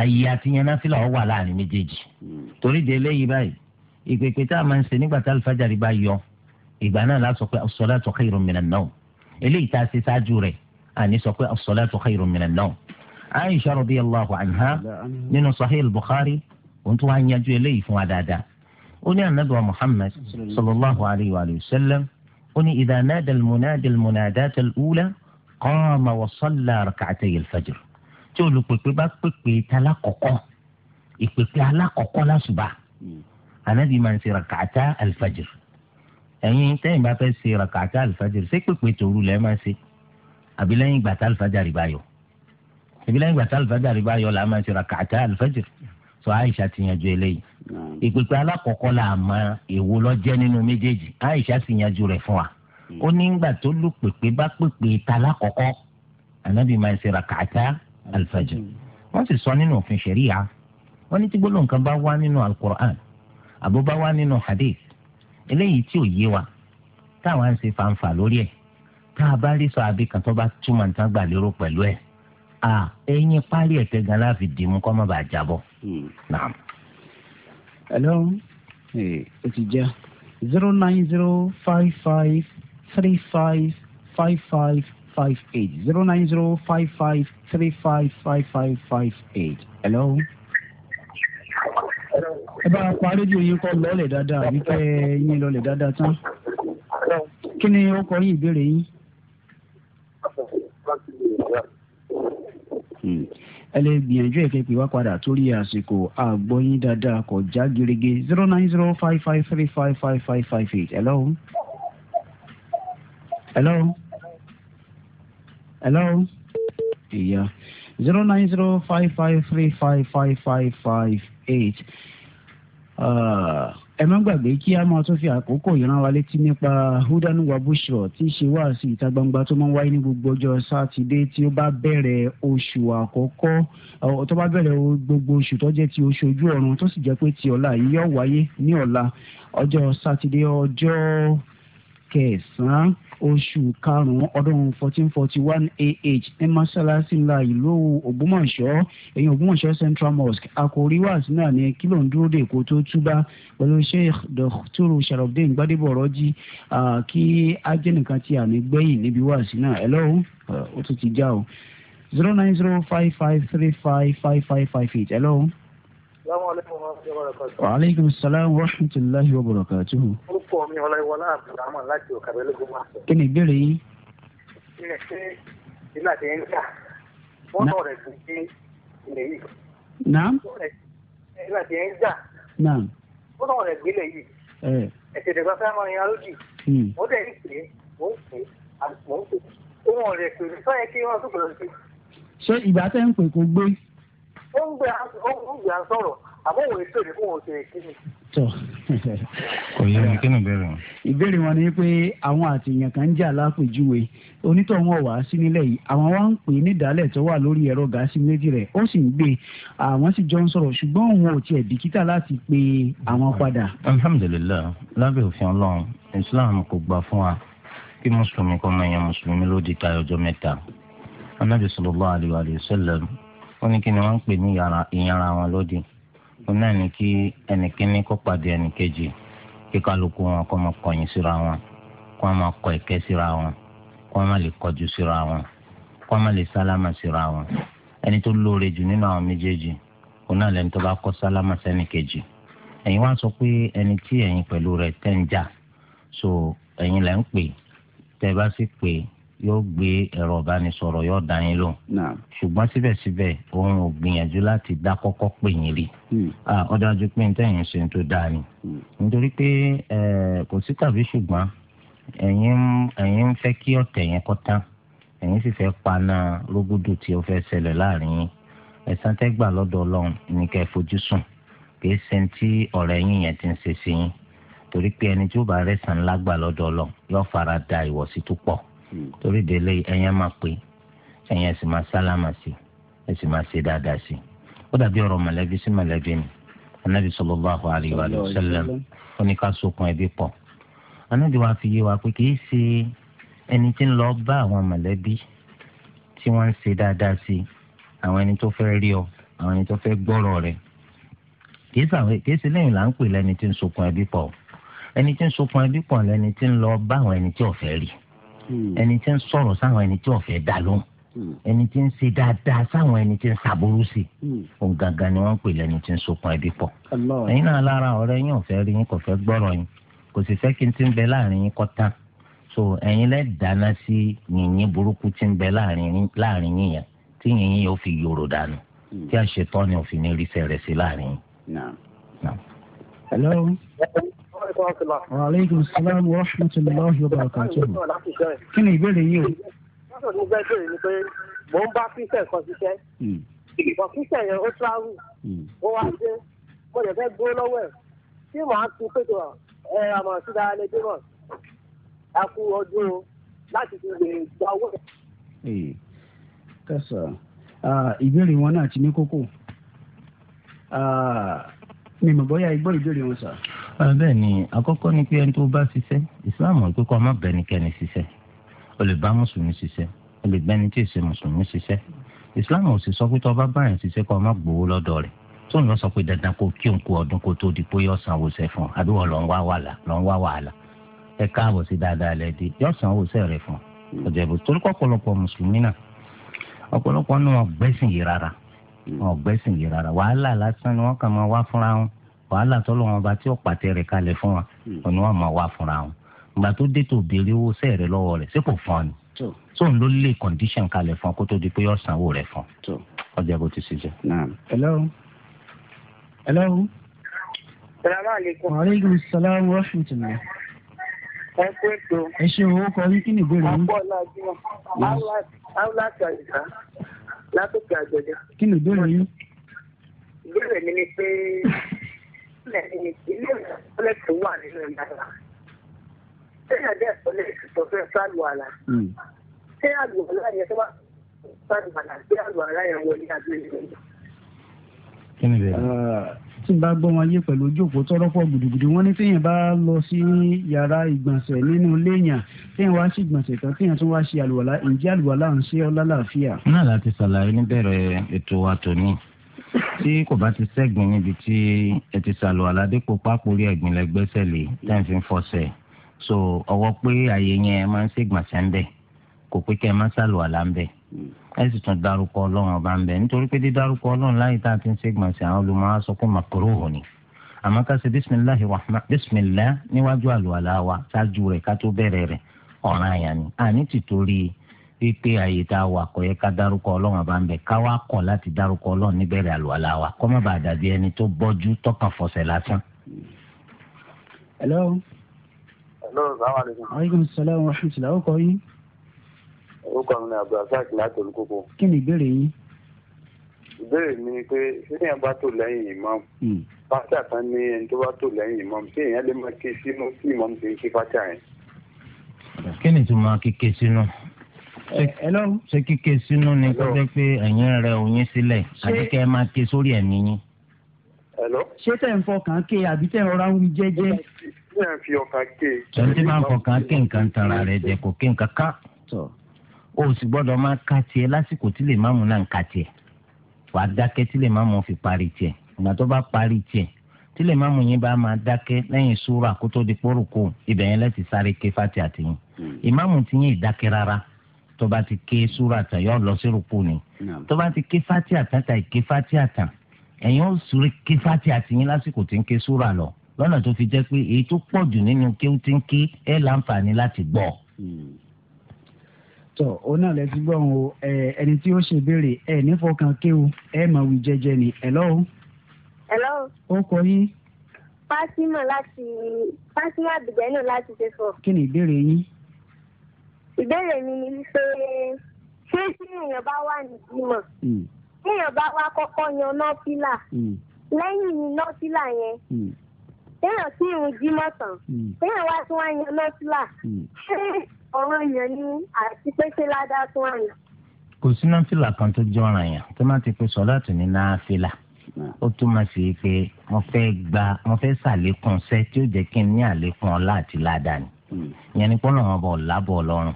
àyè àti yan náfìlà ó wà láàrin méjèèjì. Hmm. torí de eléyìí báyìí ìpèpè tá a máa ń ṣe nígbà tá alifájàre bá yọ ìgbà náà la sọ pé as-salatu khayrun minan nawm eléyìí tá a ṣe ṣáájú rẹ̀ àní sọ pé as-salatu khayrun minan nawm. Aisha radiyallahu anha nínú sahih bukhari òun tún wá yanjú eléyìí fún wa dáadáa ó ní anabi wa muhammad sallallahu alayhi wa sallam ó ní idha nada almunadi almunadata alula qama wa salla rak'atay alfajr tí olùpèpè bá pèpè talakọ̀kọ́ ìpèpè alakọ̀kọ́ lásùbà anabi máa ń ṣe rak'ata alfajr ẹ̀yin tẹ́yìn bá fẹ́ ṣe rak'ata alfajr ṣé pèpè tòru lẹ́ẹ̀ máa ṣe àbí lẹ́yìn gbàtà alfajr bá yọ àbí lẹ́yìn gbàtà alfajr bá yọ làá máa ṣe rak'ata alfajr sọ Aisha ti yanjú eléyìí ìpèpè alákọ̀ọ́kọ́ la mọ èwo lọ́jẹ́ nínú méjèèjì Aisha sì yanjú rẹ̀ fún wa hmm. ó ní ìgbà tó lù pèpè bá pèpè ta lákọ̀ọ́kọ́ anabi máa ń ṣe rakata alifajr hmm. wọ́n sì sọ nínú òfin ṣẹ̀ríya wọ́n ní tí gbólóhùn kan bá wá nínú alukur'an àbó bá wá nínú hadith eléyìí tí ò yé wa táwọn ń ṣe fanfa lórí ẹ̀ tá a bá rí sọ àbí kan tó bá túmọ̀ nǹkan gbà lérò pẹ̀lú ẹ̀ à ẹ̀yin parí ẹ̀tẹ̀ gan láfi dìímú kọ́ mọ́ bàa jábọ̀. Hmm. naam. hello ó ti jẹ́ zero nine zero five five three five five five five eight zero nine zero five five three five five five five eight hello ẹ bá pa rédíò yín kọ lọ́ọ̀lẹ̀ dáadáa wípé yín lọ́ọ̀lẹ̀ dáadáa tán. kí ni ó kọ yín ìbéèrè yín. Hmm ẹ lè gbìyànjú ẹ̀kẹ́ pè wá padà torí àsìkò àgbọ̀yìn dáadáa kò já gerege zero nine zero five five three five five five five eight hello. hello. hello. ìyá zero nine zero five five three five five five five eight. Uh, ẹ má gbàgbé kí a máa tún fi àkókò ìran wa létí nípa húdánù wa bushro tí í ṣe wáàsí ìta gbangba tó máa ń wáyé ní gbogbo ọjọ́ sátidé tí ó bá bẹ̀rẹ̀ oṣù àkọ́kọ́ tó bá bẹ̀rẹ̀ gbogbo oṣù tó jẹ́ ti oṣù ojú ọ̀run tó sì jẹ́ pé ti ọ̀la yìí yóò wáyé ní ọ̀la ọjọ́ sátidé ọjọ́ kẹsàn-án oṣù karùn-ún ọdún fourteen forty one ah ní mọ́ṣáláṣí ńlá ìlú ògbómọ̀ṣọ́ ẹ̀yìn ògbómọ̀ṣọ́ central mosque àkòrí wáàsí náà ní kílò ń dúró dé èkó tó túbá pẹ̀lú sheikh dr sharafdin gbadebo ọ̀rọ̀jì kí ajẹ́nìkan tí àmì gbẹ̀yìn níbi wáàsí náà ẹ̀ lọ́wọ́ tún ti já o zero nine zero five five three five five five five eight ẹ̀ lọ́wọ́ waaleykum salaam wa rahmatulahi wa barakatuhu. orúkọ mi ọláyíwọlá abdulhamid láti òkàbẹ lógún wa. kí ni ìbéèrè yín. ilé ṣe ilé àti ẹni ká wọn náà rẹ fún sí ilé yìí. naam. ilé àti ẹni ká. naam. wọn náà rẹ gbélé yìí. ẹsẹ̀ ìdẹ̀gbà fẹ́ máa yan lójì. mo hmm. dẹ̀ ń pè é mo ń pè é mo ń pè é. ohun ọ̀rẹ́ pèrè sọ́yẹ́ kí wọ́n tó gbọ́dọ̀ sí. ṣé ìgbà tẹ́ ń pè kó gbé ó ń gbé à ń sọ̀rọ̀ àmọ́ òun ètò ìdí fún òun ṣe kíni. tọ kò yẹ wọn kínú bẹ̀rẹ̀ wọn. ìbéèrè wọn ni pé àwọn àtìyàn kan ń jà lápèjúwe onítọ̀hún wá sí nílẹ̀ yìí àwọn wá ń pè é nídàálẹ̀ tó wà lórí ẹ̀rọ gàásì méjì rẹ̀ ó sì ń gbé e. àwọn sì jọ ń sọ̀rọ̀ ṣùgbọ́n òun ò tiẹ̀ bìkítà láti pe àwọn padà. alhamdulilayi lábẹ́ òfin ọlọ́run islam kò gbà fún wa kí mùsùlùmí kọ́ máa yan mùsùlùmí lódì tayọjọ́ mẹ́ta anábì ó ní kí ni wọ́n ń pè ní ìyára wọn lódì ó náà ní kí ẹnìkíní kó pàdé ẹnìkejì kí kálukú wọn kó máa kọ̀yìn síra wọn kó máa kọ ìkẹ́ síra wọn kó máa lè kọjú síra wọn kó máa lè sálámà síra wọn ẹni tó lóore jù nínú àwọn méjèèjì ó náà lẹni tó bá kọ́ sálámà sẹ́nìkejì ẹ̀yin wá sọ pé ẹni tí ẹ̀yin pẹ̀lú rẹ̀ tẹ́ ń jà so ẹ̀yin lẹ́ ń pè tẹ́ bá sì pè yóò gbé ẹ̀rọ ìbánisọ̀rọ̀ yóò dá yín lóhùn. ṣùgbọ́n síbẹ̀síbẹ̀ òun ò gbìyànjú láti dá kọ́kọ́ pè yín rí. Hmm. ó dájú pé ní tẹ̀yìn ṣe tó dáa ni. Hmm. nítorí pé kò sí tàbí ṣùgbọ́n ẹ̀yin ń fẹ́ kí ọ̀tẹ̀ yẹn kọ́ tán ẹ̀yin sì fẹ́ paná rógúdù tí ó fẹ́ ṣẹlẹ̀ láàrin yín. ẹ̀san tẹ́gbà lọ́dọ̀ ọlọ́run ní kẹ́ fojú sùn kì torí pé ẹni tí ó bá rẹ̀ sàn lágbà lọ́dọ̀ yóò fara da ìwọ̀sí tó pọ̀ torí délé ẹ̀yàn máa pé ẹ̀yàn sì máa sálámà sí ẹ̀ sì máa ṣe dáadáa sí ó dàbí ọ̀rọ̀ mọ̀lẹ́bí sí mọ̀lẹ́bí ni anabi sallallahu alayhi wa sallam ó ní ká sokùn ẹbí pọ̀ anabi wa fi yé wa pé kì í ṣe ẹni tí ń lọ bá àwọn mọ̀lẹ́bí tí wọ́n ń ṣe dáadáa sí àwọn ẹni tó fẹ́ rí ọ àwọn ẹni tó fẹ́ gbọ́rọ̀ rẹ̀ kìí ṣe lẹ́yìn là ń pè lẹ́ni tí ń sokùn ẹbí pọ̀ ẹni tí ń sokùn ẹbí pọ̀ lẹ́ni tí ń lọ bá àwọn ẹni tí ò rí Hmm. ẹni tí ń sọ̀rọ̀ sáwọn ẹni tí ò fẹ́ dá lóhùn hmm. ẹni tí ń ṣe dáadáa sáwọn ẹni tí ń ṣàbúrú sí hmm. òun gangan ni wọ́n ń pè lẹ́ni tí ń sokun ẹbí pọ̀ ẹ̀yin náà lára ọ̀rẹ́ yín ò fẹ́ rí yín kò fẹ́ gbọ́rọ̀ yín kò sì fẹ́ kí n ti ń bẹ láàrin yín kọ́ tán so ẹ̀yin lẹ́ dáná sí yìnyín burúkú tí ń bẹ láàrin yín yẹn tí yìnyín yóò fi yòrò dànù tí àṣetọ́ ni òfin ní rí sẹ̀rẹ̀ sí láàrin yín. hello alaykum wa rahmatulah. wa aleykum salaam wa rahmatulah wa barakatuh. kí ni ìbéèrè yìí o. lọ́sọ̀ ní bẹ́ẹ̀ bèrè ni pé mò ń bá kíṣẹ̀ kan ṣiṣẹ́. ìbọn hmm. kíṣẹ̀ yẹn ó tíráwù. Hmm. ó wá dé mo lè fẹ́ gbó lọ́wọ́ ẹ̀ tí màá tún pètò ẹ̀ àmọ̀ sí dára lè dé mọ̀. a kú ọdún láti fi lè gba owó. kẹsàn-án ah, ìbéèrè wọn náà ti ní kókó. Ah, mi mọ̀ bóyá igbó ìbéèrè wọn sọ. Ah, bẹ́ẹ̀ ni àkọ́kọ́ ni pé ẹni tó bá ṣiṣẹ́ ìsìláàmù ni pé kó má bẹnikẹ́ni ṣiṣẹ́ o lè bá mùsùlùmí ṣiṣẹ́ o lè bẹ́ni tí ìṣe mùsùlùmí ṣiṣẹ́ ìsìláàmù ò sì sọ pé tó bá báyìí ṣiṣẹ́ kó má gbowó lọ́dọ̀ rẹ̀ tó ń lọ sọ pé dandan kó kí òǹkó ọdún kó tó di pé yọ sanwó sẹ fún àbí wọn lọ ń wá wàhálà ẹ káàbọ̀ sí dáadáa lẹ́ẹ̀dí yọ sanwó sẹ rẹ fún ọjọ́ ìbò torí kọ́ ọ̀pọ̀lọpọ̀ mùsùlùmí náà ọ̀pọ̀lọpọ̀ náà gbẹ́sìn yìí rárá wọn hmm. gbẹ́sìn yìí rárá wàhálà lásán ni wọ́n kàn máa wá fúnra wọn wàhálà tọ́lọ́ wọn bá tí ó pàtẹ rẹ̀ kalẹ̀ fún wọn hmm. òní wọn máa wá fúnra wọn ìgbà tó dé tó béèrè owó sẹ́ẹ̀ rẹ lọ́wọ́ rẹ̀ sí kò fún ọ ni tó ń lò lè condition kalẹ̀ fún ọ kó tó di pé ọ̀sánwó rẹ̀ fún ọjà bó ti ṣe jẹ. hello hello. salaamaleykum. maaleykum salaam wa rahmatulah ẹ kú ètò. ẹ ṣe owó kọrí kí ni ìbéèrè yín. Hmm. àwọn láti látòkè àgbẹ̀dẹ. kí ni ìbéèrè yín. ìbéèrè mi ni pé ilé ìtọ́lẹ̀tì wà nínú ìdára sẹ́yìn àdé ìtọ́lẹ̀tì tó fẹ́ sálù àlà sẹ́yìn hmm. àlù àlà yẹn tó bá sálù àlà sẹ́yìn àlù àlà yẹn wọlé àgbẹ̀dẹ. kí ni ìbéèrè. Ah, tí bá gbọ́ wọn yé pẹ̀lú ojú òpó tọ́rọ́ pọ̀ gbùdùgbùdù wọn ní téèyàn bá lọ sí yàrá ìgbọ̀nsẹ̀ nínú léèyàn téèyàn wá sí ìgbọ̀nsẹ̀ kan téèyàn tún wá ṣe àlùwàlá ǹjẹ́ àlùwàlá ń ṣe ọ́ lálàáfíà. náà láti ṣàlàyé níbẹ̀rẹ̀ ètò wa tòní tí kò bá ti sẹ́gbìn níbi tí ẹ ti ṣàlùwàlá dípò pápórí ẹ̀gbìn lẹ́gbẹ́sẹ̀ lè tẹ́ǹfì fọṣẹ̀ so ọwọ́ pé àyè yẹn máa ń ṣègbọ̀nsẹ̀ ń bẹ̀ kò pé kẹ́ ẹ má ṣàlùwàlá ń bẹ̀ ẹ sì tún dárúkọ ọlọ́run ọba ń bẹ nítorí pé dídárúkọ ọlọ́run láyé tá a ti ń ṣègbọ̀n sí àwọn olùmọ̀ọ́ sọ pé màkúrò ni àmọ́ ká ṣe bisimilahi rahman bisimilah níwájú àlùwàlá wa ṣáájú rẹ̀ ká tó bẹ̀rẹ̀ rẹ̀ ọ̀ràn àyàn ni àní ti torí pípé àyè tá a wà kọ́ yẹ ká dárúkọ ọlọ́run ọba ń bẹ ká wá kọ̀ láti dárúkọ ọlọ́run níbẹ̀rẹ̀ àlùwàlá wa kọ́ má bàa dàbí ẹni tó bọ́jú tọkàn fọ̀sẹ̀ lásán. hello. hello salaam aleykum. aleykum salaam wa o kàn ní abdulrasaq láti olùkókó. kí ni ìbéèrè yín. ìbéèrè mi ni pé ṣé èèyàn bá tò lẹ́yìn imam pátá hmm. kan ní ẹni tó bá tò lẹ́yìn imam ṣé èèyàn lè máa ké sínú tí imam ti ń ké pátá yẹn. kí ni tí mo máa kéke sínú ṣé kíké sínú ni kó jẹ́ pé ẹ̀yin rẹ òyìn sílẹ̀ àti kẹ́ ẹ máa ké sórí ẹ̀mí yín ṣé tẹ̀ ń fọkàn ké àbí tẹ̀ ń rọra ń jẹ́jẹ́. tẹ̀ ń fi ọkàn ké. tẹ̀ ń fi ké nǹkan tara rẹ̀ jẹ́ kò ké nǹkan ká o sì gbọ́dọ̀ máa ka tiẹ̀ lásìkò tí lè máàmù náà ń ka tiẹ̀ wàá dákẹ́ tí lè máàmù fi parí tiẹ̀ ìgbà tó bá parí tiẹ̀ tí lè máàmù yín bá máa dákẹ́ lẹ́yìn súra kó tó di pórùkù ibẹ̀ yẹn lẹ́ti sáré ké fati àtìyìn hmm. ìmáàmù ti yín ìdákẹ́ rárá tó bá ti ké súra tán yóò lọ sí rúkú ni tó bá ti ké fati àtàn tà ìké fati àtàn ẹ̀yin ó súré ké fati àtìyìn lásìkò tí ń ké súra lọ lọ́nà tó fi jẹ́ pé èyí tó pọ̀ tọ òun náà lẹ ti gbọ́ ohun o ẹni tí ó ṣe béèrè ẹ nífọkàn kéwu ẹ máa wí jẹ́jẹ́ ni hello. hello. ó kọ yín. Fátímà láti Fátímà àdìgbẹ́ náà láti ṣe fọ. kí ni ìbéèrè yín. ìbéèrè mi ni wípé ṣé tí èèyàn bá wà ní bímọ hmm. tí èèyàn bá wá kọ́kọ́ yan nọ́fìlà hmm. lẹ́yìn ní nọ́fìlà yẹn hmm. téèyàn sì ń jímọ̀ tán téèyàn wá tún wá yan nọ́fìlà ṣé ọ̀ràn yẹn ni àti pé ṣé ládàá tó ràn yàn. kò sí náfìlà kan tó jọ ràn yàn tó má ti pe sọ́láàtù ní náfìlà ó túmọ̀ sí pé wọ́n fẹ́ gba wọ́n fẹ́ sàlékún ṣẹ́ tí ó jẹ́ kí n ní àlékún ọlá àti ládàá ni hmm. ìyẹn ni pọ́nlọ́ wọn bọ̀ lábọ̀ ọlọ́run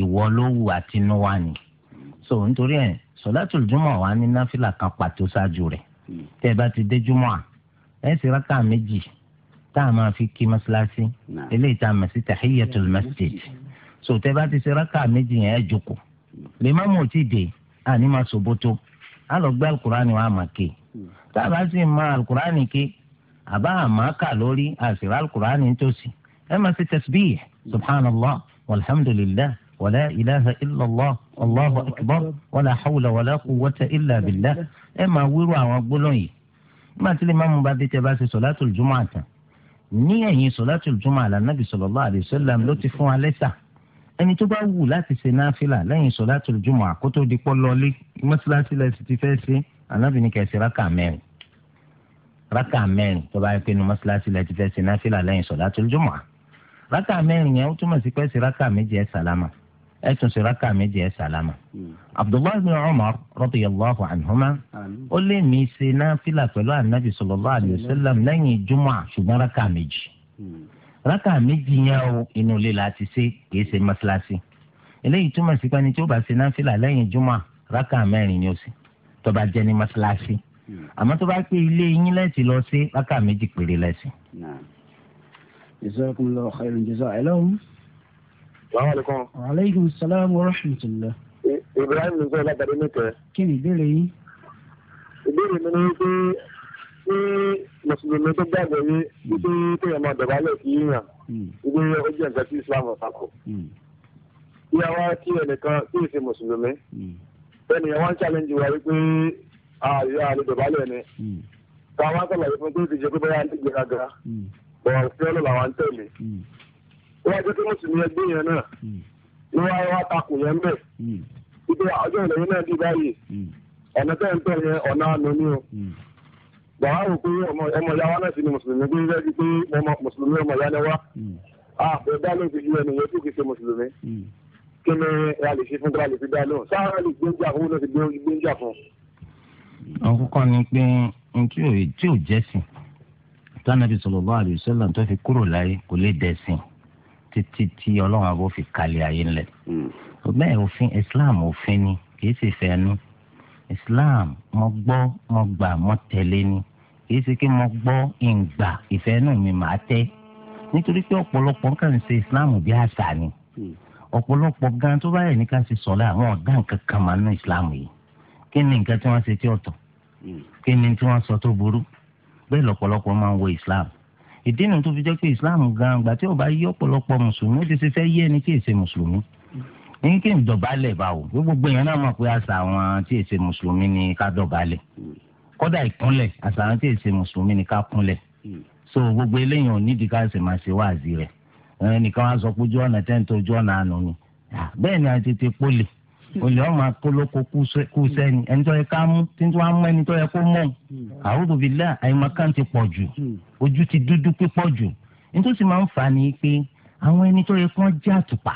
ìwọ ló wù àtinúwá ni so nítorí ẹ̀ sọ́láàtù jùmọ̀ wà ní náfìlà kan pàtó ṣáájú rẹ̀ hmm. tẹ́ ẹ bá ti dé jùmọ̀ à ẹ̀ sì rákà méjì tá a máa fi kí mọ́ṣáláṣí eléyìí tá a mọ̀ sí tahiyatul masjid sòtẹ́ bá ti ṣe rákà méjì yẹn ẹ jókòó lè má mọ̀ tí dé àní máa ṣòbótó á lọ gbé alukurani wa máa ké tá a bá sì máa alukurani ké àbá àmàkà lórí àṣírí alukurani nítòsí ẹ máa ṣe tẹsibíyẹ subhanallah walhamdulillah wàlá ilaha illallah allahu akbar wàlá hawla wàlá quwwata illa billah ẹ máa wíru àwọn gbólóhùn yìí nígbà tí lè má mú bá dé tẹ bá ṣe sọlátùl jumu'ah àtàn ní ẹ̀yìn sọlátùl jumu'ah àlànà bí sallallahu alaihi ló ti fún wa lẹ́sà ẹni tó bá wù láti ṣe náfìlà lẹ́yìn sọ̀látul jumu'ah àkótó dipọ́ lọlé mọ́ṣáláṣí lẹ́sìn ti fẹ́ ṣe ànábì ní kẹsì rákà mẹ́rin rákà mẹ́rin tó bá yẹ pé nu mọ́ṣáláṣí lẹ́sìn ti fẹ́ ṣe náfìlà lẹ́yìn sọ̀látul jumu'ah rákà mẹ́rin yẹn ó túmọ̀ sí pé ṣe rákà méjì ẹ̀ sàlámà ẹ̀ tún ṣe rákà méjì ẹ̀ sàlámà. Hmm. abdullahi bin umar radiyallahu rákà méjì yẹn o inú ilé la ti ṣe kì í ṣe mọ́ṣáláṣí eléyìí túmọ̀ sí pé ẹni tí ó bá ṣe náfìlà lẹ́yìn júmọ̀ rákà mẹ́rin ni ó ṣe tó bá jẹ́ ní mọ́ṣáláṣí àmọ́ tó bá pé ilé yín lẹ́sìn lọ ṣe rákà méjì péré lẹ́sìn. jazakumullahu khairan jazaa ẹlọ́run. salaamaleykum. aleykum salaam wa rahmatulah. ibrahim nzọ́ lágbàdo mẹ́tẹ̀ẹ́. kí ni ìbéèrè yín. ìbéèrè mi ni wípé tí mùsùlùmí tó gbàgbọ́ yé wípé kéèyàn máa dọ̀bálẹ̀ kí yíyàn hmm. wípé ó jẹ́ nǹkan tí islam ọ̀sàkó. Hmm. bí a wá kí ẹnìkan tí ì ṣe mùsùlùmí hmm. ẹnìyàn wá challenge wa wípé àyà àlè dọ̀bálẹ̀ ni wọn wá sọ̀rọ̀ yìí fún tó ti jẹ́ pé bóyá ń ti gbéraga bọ̀wọ̀ sí ọlọ́lá wa ń tẹ̀lé. ó wá jẹ́ pé mùsùlùmí ẹgbẹ́ yẹn náà ni wọ́n wá takùn yẹn bẹ̀ wípé ọjọ́ ìlẹ̀yìn náà dì báyìí ọ̀nà tẹ̀ ń tẹ̀ yẹn ọ̀nà àná ni o bàbá wò pé ọmọ ìyá wa náà sì ni mùsùlùmí pé rẹ́gí pé mùsùlùmí ọmọ ìyá ni wá àpò hmm. dá lóhùn sí un ẹnìyẹn tó kì í ṣe mùsùlùmí hmm. kí ni a lè ṣe fún tí a lè fi dá lóhùn sáárà lè gbé jà fún náà ti gbé jà fún. àkọ́kọ́ ni pé tí ò jẹ́sìn tánàbí sallallahu alaihi wasallam tó fi kúrò láyé kò lè dẹ̀sìn títí tí ọlọ́run àbò fi kalẹ̀ ayé ńlẹ̀. Hmm. bẹ́ẹ̀ òfin islam òfin ni kì í sì fẹ́ ẹnu islam mo gbọ́ mo gbà mo tẹ̀lé ni kìí ṣe kí mo gbọ́ ìgbà ìfẹ́ nù mi màá tẹ́ nítorí pé ọ̀pọ̀lọpọ̀ nǹkan ṣe islam bí àṣà ni hmm. ọ̀pọ̀lọpọ̀ gan tó bá yẹ ní ká ṣe sọ̀lá àwọn ọ̀gá nǹkan kan máa nù islam yìí kí ni nǹkan tí wọ́n ṣe tí ọ̀tọ̀ hmm. kí ni tí wọ́n sọ tó burú bẹ́ẹ̀ lọ̀pọ̀lọpọ̀ máa ń wo islam ìdí nu tó fi jẹ́ pé islam gan gbà tí ó bá yí ọ̀pọ̀lọpọ̀ mùsùlùmí ó ti ṣe fẹ́ yí ẹni kí èsè mùsùlùmí ní kí n dọ̀bálẹ̀ báwo gbogbo èèyàn náà mọ̀ pé àṣà àwọn tí èsè mùsùlùmí ni ká dọ̀bálẹ̀ kódà ìkúnlẹ̀ àṣà àwọn tí èsè mùsùlùmí ni ká kúnlẹ̀ so gbogbo eléyìí ò nídìí ká ṣe máa ṣe wáàzì rẹ̀ ẹnìkan wá sọ pé ojú ọ̀nà tẹ́ǹtì ojú ọ̀nà àná ni bẹ́ẹ̀ ni a ti ti pólè olè ọmọ akólókó kú sẹ́ni ẹni tó yẹ ká mú tí wọ́n á mú ẹni tó yẹ kó mọ̀ àwùjọ bíi láà àyèmọ̀kàn ti pọ̀ jù ojú ti dúdú pípọ̀ jù nítòsí máa ń fà ní pé àwọn ẹni tó yẹ kán jẹ́ àtùpà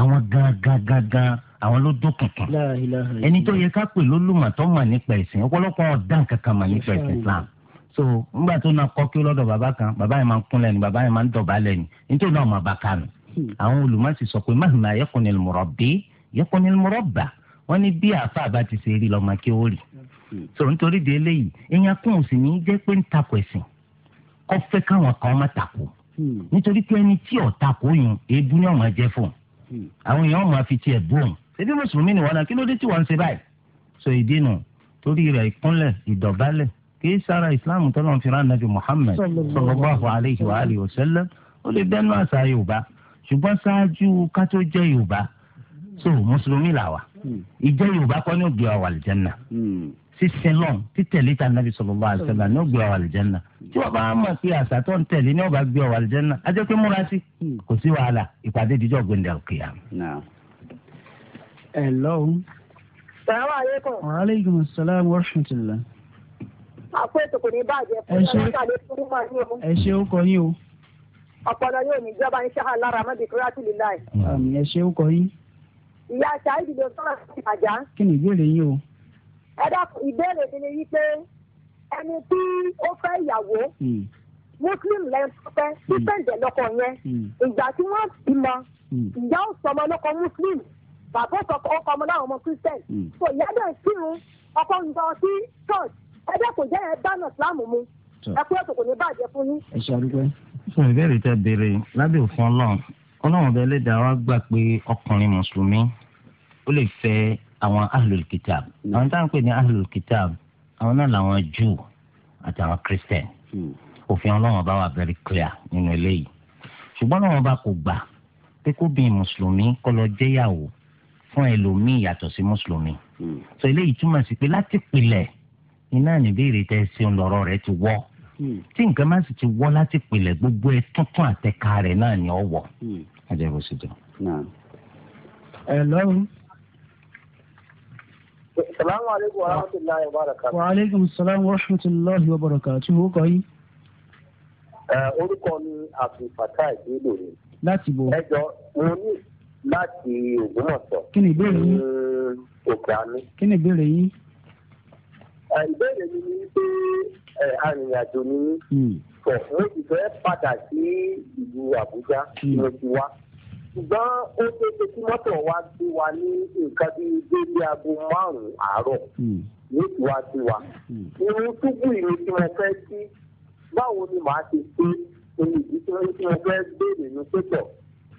àwọn gangan àwọn ló dókùnkùn ẹni tó yẹ ká pè lólùmọ̀tọ́ mà nípa ẹ̀sìn ọ̀pọ̀lọpọ̀ ọ̀dàn kankan mà nípa ẹ̀sìn Islam so nígbà tó na kọ́kí lọ́dọ̀ bàbá kan bàbá yẹn máa ń kúnlẹ̀ ni bàbá yẹn máa ń dọ̀bálẹ̀ ni nítorí náà mà bá kà nù hmm. àwọn olùmọ̀sí sọ pé mahima yẹkùnil murabbi yẹkùnil murabba wọ́n ní bí àáfàá bá ti ṣe rí lọ́mọ kí ó rì hmm. so nítorí de eléyìí èèyàn kún òsì ní jẹ́ pé ń takò ẹ̀sìn kọ́ fẹ́ káwọn kan má takò hmm. nítorí pé ẹni tí ò takò yun èébú ni ọ̀mọ̀ àwọn èèyàn máa fi tiẹ̀ bóun ṣebí mùsùlùmí ni wọn náà kí ló dé tí wọn ń ṣe báyìí so ìdí nù torí rẹ̀ ìkúnlẹ̀ ìdọ̀bálẹ̀ kìí sára ìsìláàmù tó lọ́n fi rán nàbì muhammed sallallahu alayhi wa alihi wa sallam ó lè bẹ́ẹ̀ náà sa yorùbá ṣùgbọ́n ṣáájú ká tó jẹ́ yorùbá so mùsùlùmí là ìjẹ́ yorùbá kọ́ ní òbí wa wà lìjẹ́ náà sísin lọ́n títẹ̀lé ta nàbì sallallahu alaihi wasallam ní ó gbé ọ̀wà àlùjẹ́nà tí wọ́n bá mọ̀ pé àṣà tó ń tẹ̀lé ní ọba gbé ọ̀wà àlùjẹ́nà á jẹ́ pé múra sí hmm. kò sí wàhálà ìpàdé ìdíjọ́ gbẹ̀ndẹ̀ òkè àmì. ẹ lọ́hùn. sàlámù aleykum. wa aleykum salaam wa rahmatullah. àpò ètò kò ní bàjẹ́ fún ọ̀rọ̀ ẹ ṣe ó kọ yín o. ọ̀pọ̀lọ yóò ní ìjọba ń ẹ̀dá ìbéèrè mi ni wípé ẹni tí ó fẹ́ ìyàwó hmm. muslim lẹ́yìn tó fẹ́ sípẹ̀ǹdẹ̀ yẹn hmm. ìgbà tí wọ́n bímọ hmm. ìyá ò sọmọ muslim bàbá ọkọ ọmọ náà ọmọ christian so ìyá náà kírun ọkọ ń lọ sí church ẹgbẹ́ kò jẹ́ ẹgbẹ́ náà islam mu ẹ pé kò ní bàjẹ́ fún yín. ẹ ṣe àdúgbò. sọ ìbéèrè tẹ béèrè lábẹ́ òfin ọlọ́run ọlọ́run ọbẹ̀ ẹlẹ́dàá wa gbà pé ọkùnrin mùsùlùmí ó lè fẹ́ àwọn ahlul kitab hmm. àwọn táwọn pè ní ahlul kitab àwọn náà làwọn Júù àtàwọn christian hmm. òfin ọlọ́wọ́n bá wà very clear nínú eléyìí ṣùgbọ́n ọlọ́wọ́n bá kò gbà pé kó bí mùsùlùmí kọ́ lọ jẹ́yàwó fún ẹlòmíì yàtọ̀ sí mùsùlùmí hmm. so eléyìí túmọ̀ sí pé láti pilẹ̀ iná níbèrè tẹ́ sí ọlọ́rọ̀ rẹ ti wọ́ tí nǹkan má sì ti wọ́ láti pilẹ̀ gbogbo ẹ tuntun àtẹ̀ka rẹ̀ náà ni ọ wọ̀. ẹ jẹ́ bó ṣe jọ. ẹ lọ́rùn. Salamu alaikum wa rahmatullahi wa barakatuhu. Wa alaikum salam wa rahmatullahi wa barakatuhu. Ó kọ́ yín. Orúkọ mi Abdulfatah Ìgbélò ni. Láti bo. Ẹ jọ mo ní láti Ògbómọ̀ṣọ́. Kí ni ìbéèrè yín? Òkè àmì. Kí ni ìbéèrè yín? Ìbéèrè mi ni pé arìnrìn-àjò ni hmm. Mo ti fẹ́ padà sí ìlú Àbújá tí mo ti wá ṣùgbọ́n ó ṣe ṣe kí mọ́tò wa ti wà ní nǹkan bíi déédéé aago márùn-ún àárọ̀ yóò hmm. ti wá sí wa. Hmm. irun túbú ìlú tí mo fẹ́ sí báwo ni màá ti ṣe ohun ìdí tí mo fẹ́ béèrè ní pẹ̀tọ̀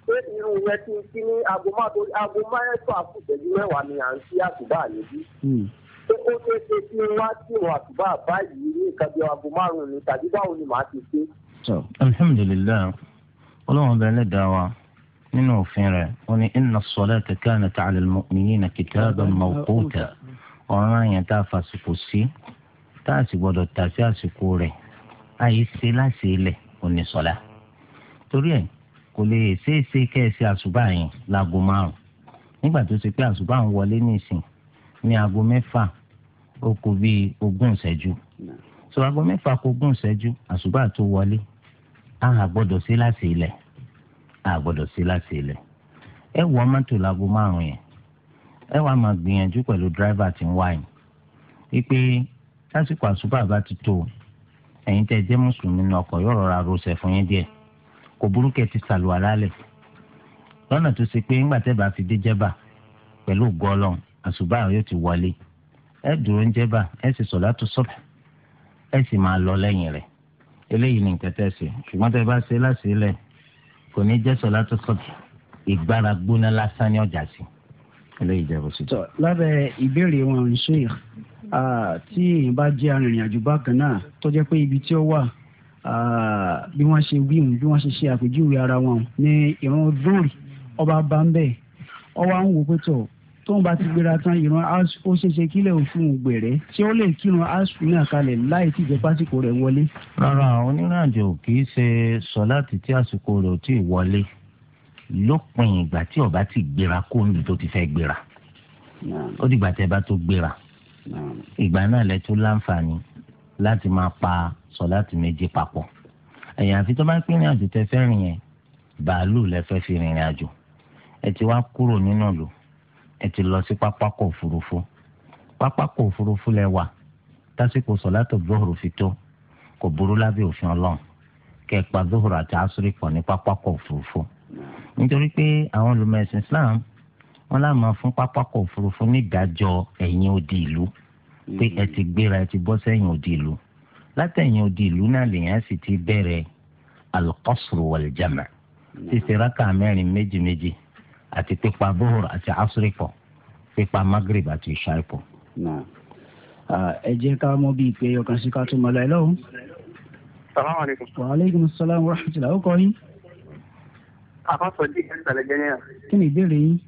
pé irun yẹn ti kí ní aago márùn-ún aago márùn-ún àkùtẹ̀jú mẹ́wàá ni à ń sí àtúbà níbí pé hmm. ó ṣe ṣe kí n wá sí ìwọ̀n àtúbà báyìí ní nǹkan bíi aago márùn-ún ni tàbí báwo ni màá ti ṣe. alhamdulilayi ọlọ́run ọba ẹlẹ́dàá wa nínú òfin rẹ̀ ó ní inna as-salata kanat 'ala al-mu'minina kitaban mawquta ọ̀ràn yẹn tá a fàṣìkò sí tá a sì gbọ́dọ̀ tà sí àsìkò rẹ̀ àyè ṣe láṣẹ ilẹ̀ òní sọlá torí ẹ̀ kò lè ṣeéṣe kẹ́ẹ̀ṣe àṣùbà yẹn láago márùn nígbà tó ṣe pé àṣùbà ń wọlé nísìn ní aago mẹ́fà ó kù bíi ogún ìṣẹ́jú so aago mẹ́fà kó ogún ìṣẹ́jú àṣùbà tó wọlé a gbọ́dọ̀ ṣe láṣẹ ilẹ̀ àgbọ́dọ̀ sí láti ilẹ̀ ẹ wọ mọ́tò láago márùn yẹn ẹ wàá máa gbìyànjú pẹ̀lú dírẹ́fà tí ń wá wípé sásìkò àṣùbà bá ti tó ẹ̀yin tẹ́ jẹ́ mùsùlùmí ní ọkọ̀ yóò rọra rọṣẹ̀ fún yín díẹ̀ kò burú ti sàlùwà lálẹ̀ lọ́nà tó ṣe pé ńgbà tẹ́ fi dé jẹ́bà pẹ̀lú àṣùbà yóò ti wọlé ẹ dúró ń jẹ́bà ẹ sì sọ̀lá tó lọ lẹ́yìn rẹ̀ eléyìí ni kò ní jẹ́ sọ̀látù sọ̀bì ìgbára gbóná lásán ní ọjà sí. eléyìí jẹ́ bó ṣe. tọ́ lábẹ́ ìbéèrè wọn ń ṣe tí èèyàn bá jẹ́ arìnrìn-àjò bákan náà tó jẹ́ pé ibi tí ó wà bí wọ́n ṣe wí bí wọ́n ṣe ṣe àpèjúwe ara wọn ní ìran zori ọba bá ń bẹ̀ ọ wá ń wo pé tọ̀ tóun bá ti gbéra tán ìran ó ṣeéṣe kílẹ̀ òfin ògbèrè ṣé ó lè kírun asùn náà kalẹ̀ láì tí ìjọba àsìkò rẹ̀ wọlé. rárá onírìnàjò kì í ṣe sọláàtì tí àsìkò rẹ̀ ò tí ì wọlé lópin ìgbà tí ó bá ti gbéra kó omi tó ti fẹ́ gbéra ó dìgbà tẹ́ bá tó gbéra ìgbà náà lẹ tún láǹfààní láti máa pa sọláàtì méjì papọ̀ ẹ̀yìn àfi tó bá pín ìrìn àjò tẹ́ fẹ́ rìn yẹn bàálù lẹ fẹ́ fi rìnrìn àjò ẹ ti wá kúrò nínú ìlú ẹ ti lọ sí pápákọ̀ òfurufú pápákọ̀ òfurufú lẹ wà tásìkò sọ̀látò dóhùrù fi tó kò burú lábẹ́ òfin ọlọ́run kẹpa dóhùrù àti asúrì pọ̀ ní pápákọ̀ òfurufú nítorí pé àwọn olùmọ̀ẹ̀sìn Islam wọn láà máa fún pápákọ̀ òfurufú nídàájọ́ ẹ̀yìn odi ìlú pé ẹ ti gbéra ẹ ti bọ́ sẹ́yìn odi ìlú látẹ̀yìn odi ìlú náà lèèyàn sì ti bẹ̀rẹ̀ alqasru waljama' sísè rákà mẹ́rin méjì méjì àti pípa bóhùr àti asri pọ̀ pípa magrib àti ìṣáì pọ̀. ẹ jẹ́ ká mọ̀ bíi pé ọkàn sí ká tún mọ̀ láì lọ́wọ́. salaamu aleykum. wa salaam wa rahmatulah ó kọ́ yín. àkọ́sọ̀ di ẹ̀ńtàlẹ̀ jẹ́yẹ́. kí ni ìbéèrè yín.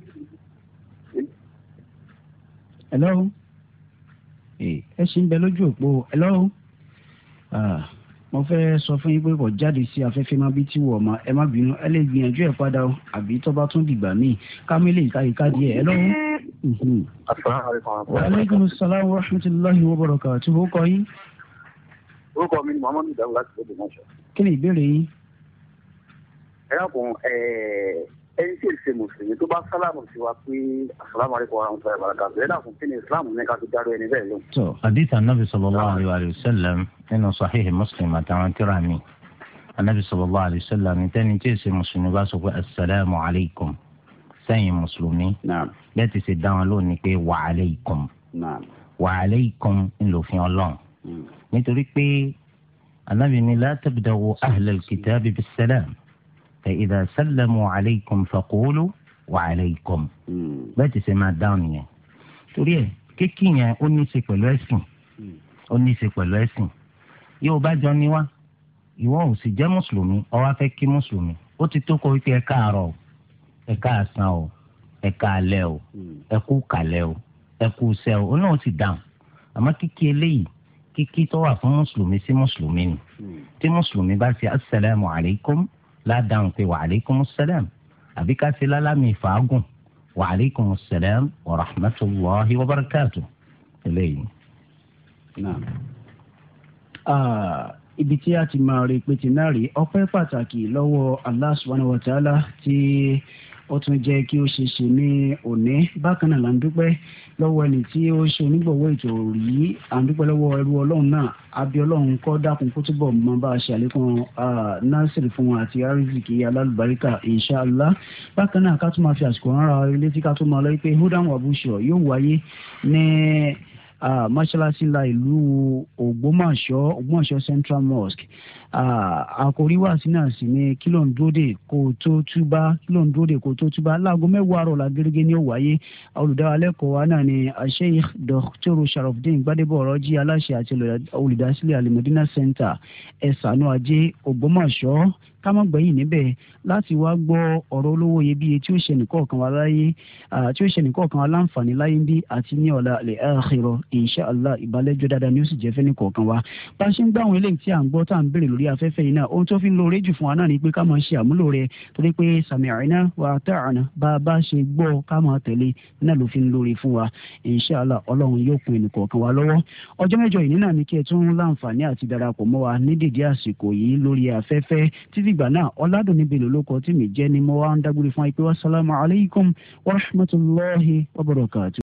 hello. ẹ ṣì ń bẹ lójú òpó hello. Uh mo fẹ́ sọ fún yín pé kò jáde sí afẹ́fẹ́ má bí tí wọ̀ ma ẹ má bínú ẹ lè gbìyànjú ẹ̀ padà o àbí tó bá tún dìgbà míì kámílẹ̀ ìkàyíká díẹ̀ ẹ lọ́wọ́. aleykum salaam wa rahmatulahi wa barakatuh ó kọ yín. orúkọ mi ni muhammadu dawud láti lóde náà sọ. kí ni ìbéèrè yín. ẹ dákun ẹẹ ẹni tí èsì mùsùlùmí tó bá sálàmù sí wa pé asàlámù alaykum wa rahmatulahi wa barakatuh ẹ̀dá fún kí ni islam ní ká fi dáró ẹni bẹ́ẹ̀ lóhùn. tó hadith anabi sallallahu alayhi wa sallam nínú sahihi muslim àtàwọn tíra mi anabi sallallahu alayhi wa sallam tẹni tí èsì mùsùlùmí bá sọ pé asalaamu alaykum sẹ́yìn mùsùlùmí bẹ́ẹ̀ ti ṣe dáhùn lónìí pé wa alaykum wa alaykum ńlòfin ọlọ́run hmm. nítorí pé anabi ni la tabda'u ahlal kitabi bis فإذا سلموا عليكم فقولوا وعليكم bẹ́ẹ̀ ti ṣe máa dáhùn nìyẹn torí ẹ̀ kíkí yẹn ó ní í ṣe pẹ̀lú ẹ̀sìn hmm. ó ní í ṣe pẹ̀lú ẹ̀sìn yóò bá jọ ní wá ìwọ ò sì jẹ́ mùsùlùmí ó wá fẹ́ kí mùsùlùmí ó ti tó kọ wípé ẹ káàárọ̀ o ẹ káàsán o ẹ káalẹ́ o hmm. ẹ kú kàlẹ́ o ẹ kú sẹ́ o ó náà ti dáhùn àmọ́ kíkí eléyìí kíkí tó wà fún mùsùlùmí sí mùsùlùmí ni hmm. tí mùsùlùmí bá ṣe assalamu alaikum ládàáhùn pé wa alaykumus salam àbí ká ṣe lálámì fàágùn wa alaykumus salam wa rahmatullahi wa barakatuh eléyìí. ibi tí a ti máa rí pé ti náà rí ọpẹ́ pàtàkì lọ́wọ́ Allah subhanahu wa ta'ala tí ó tún jẹ́ kí ó ṣe ṣe ní òní bákan náà là ń dúpẹ́ lọ́wọ́ ẹni tí ó ṣe onígbọ̀wọ́ ètò yìí à ń dúpẹ́ lọ́wọ́ ẹrú ọlọ́run náà àbí ọlọ́run kó dákun kó túbọ̀ mọ́ bá a ṣe àlékún násìrì fún wọn àti arizikì alálùbáríkà inṣàlá bákan náà ká tún máa fi àsìkò rán ara létí ká tún máa lọ pé hudan wabushọ yóò wáyé ní mọ́ṣáláṣí la ìlú ògbómọ̀ṣọ́ ògbómọ̀ṣọ́ central mosque àkórí wà sí náà sí ni kí ló ń dóde kó tó túbá kí ló ń dóde kó tó túbá láago mẹ́wàá àrọ̀lá gẹ́gẹ́ ní ó wáyé olùdarí-alẹ́kọ̀ọ́ wa náà ni Sheikh Dr. Sharafdin Gbadebo Ọ̀rọ̀jì aláṣẹ àti olùdásílẹ̀ al Center ẹ̀sánú ajé ògbómọ̀ṣọ́ ká má gbẹ̀yìn níbẹ̀ láti wá gbọ́ ọ̀rọ̀ olówó iyebíye tí ó ṣe nìkọ̀ọ̀kan wa láyé tí ó ṣe nìkọ̀ọ̀kan wa láǹfààní láyé ń bí àti ní ọ̀la lè àkìrọ̀ insha Allah ìbálẹ́jọ́ dáadáa ni ó sì jẹ́ fẹ́ nìkọ̀ọ̀kan wa. bá a ṣe ń gbá àwọn eléyìí tí à ń gbọ́ tá à ń béèrè lórí afẹ́fẹ́ yìí náà ohun tó fi ń lo réjù fún wa náà ni pé ká máa ṣe àmúlò rẹ̀ torí pé sami'na wa ata'na bá dìgbà náà ọ̀làdùnní bèlò ló kọ́ tí mi jẹ́ ni mo wá ń dágbére fún wa pé wàsálàmù alaykum wa rahmatulahi wa barakatu.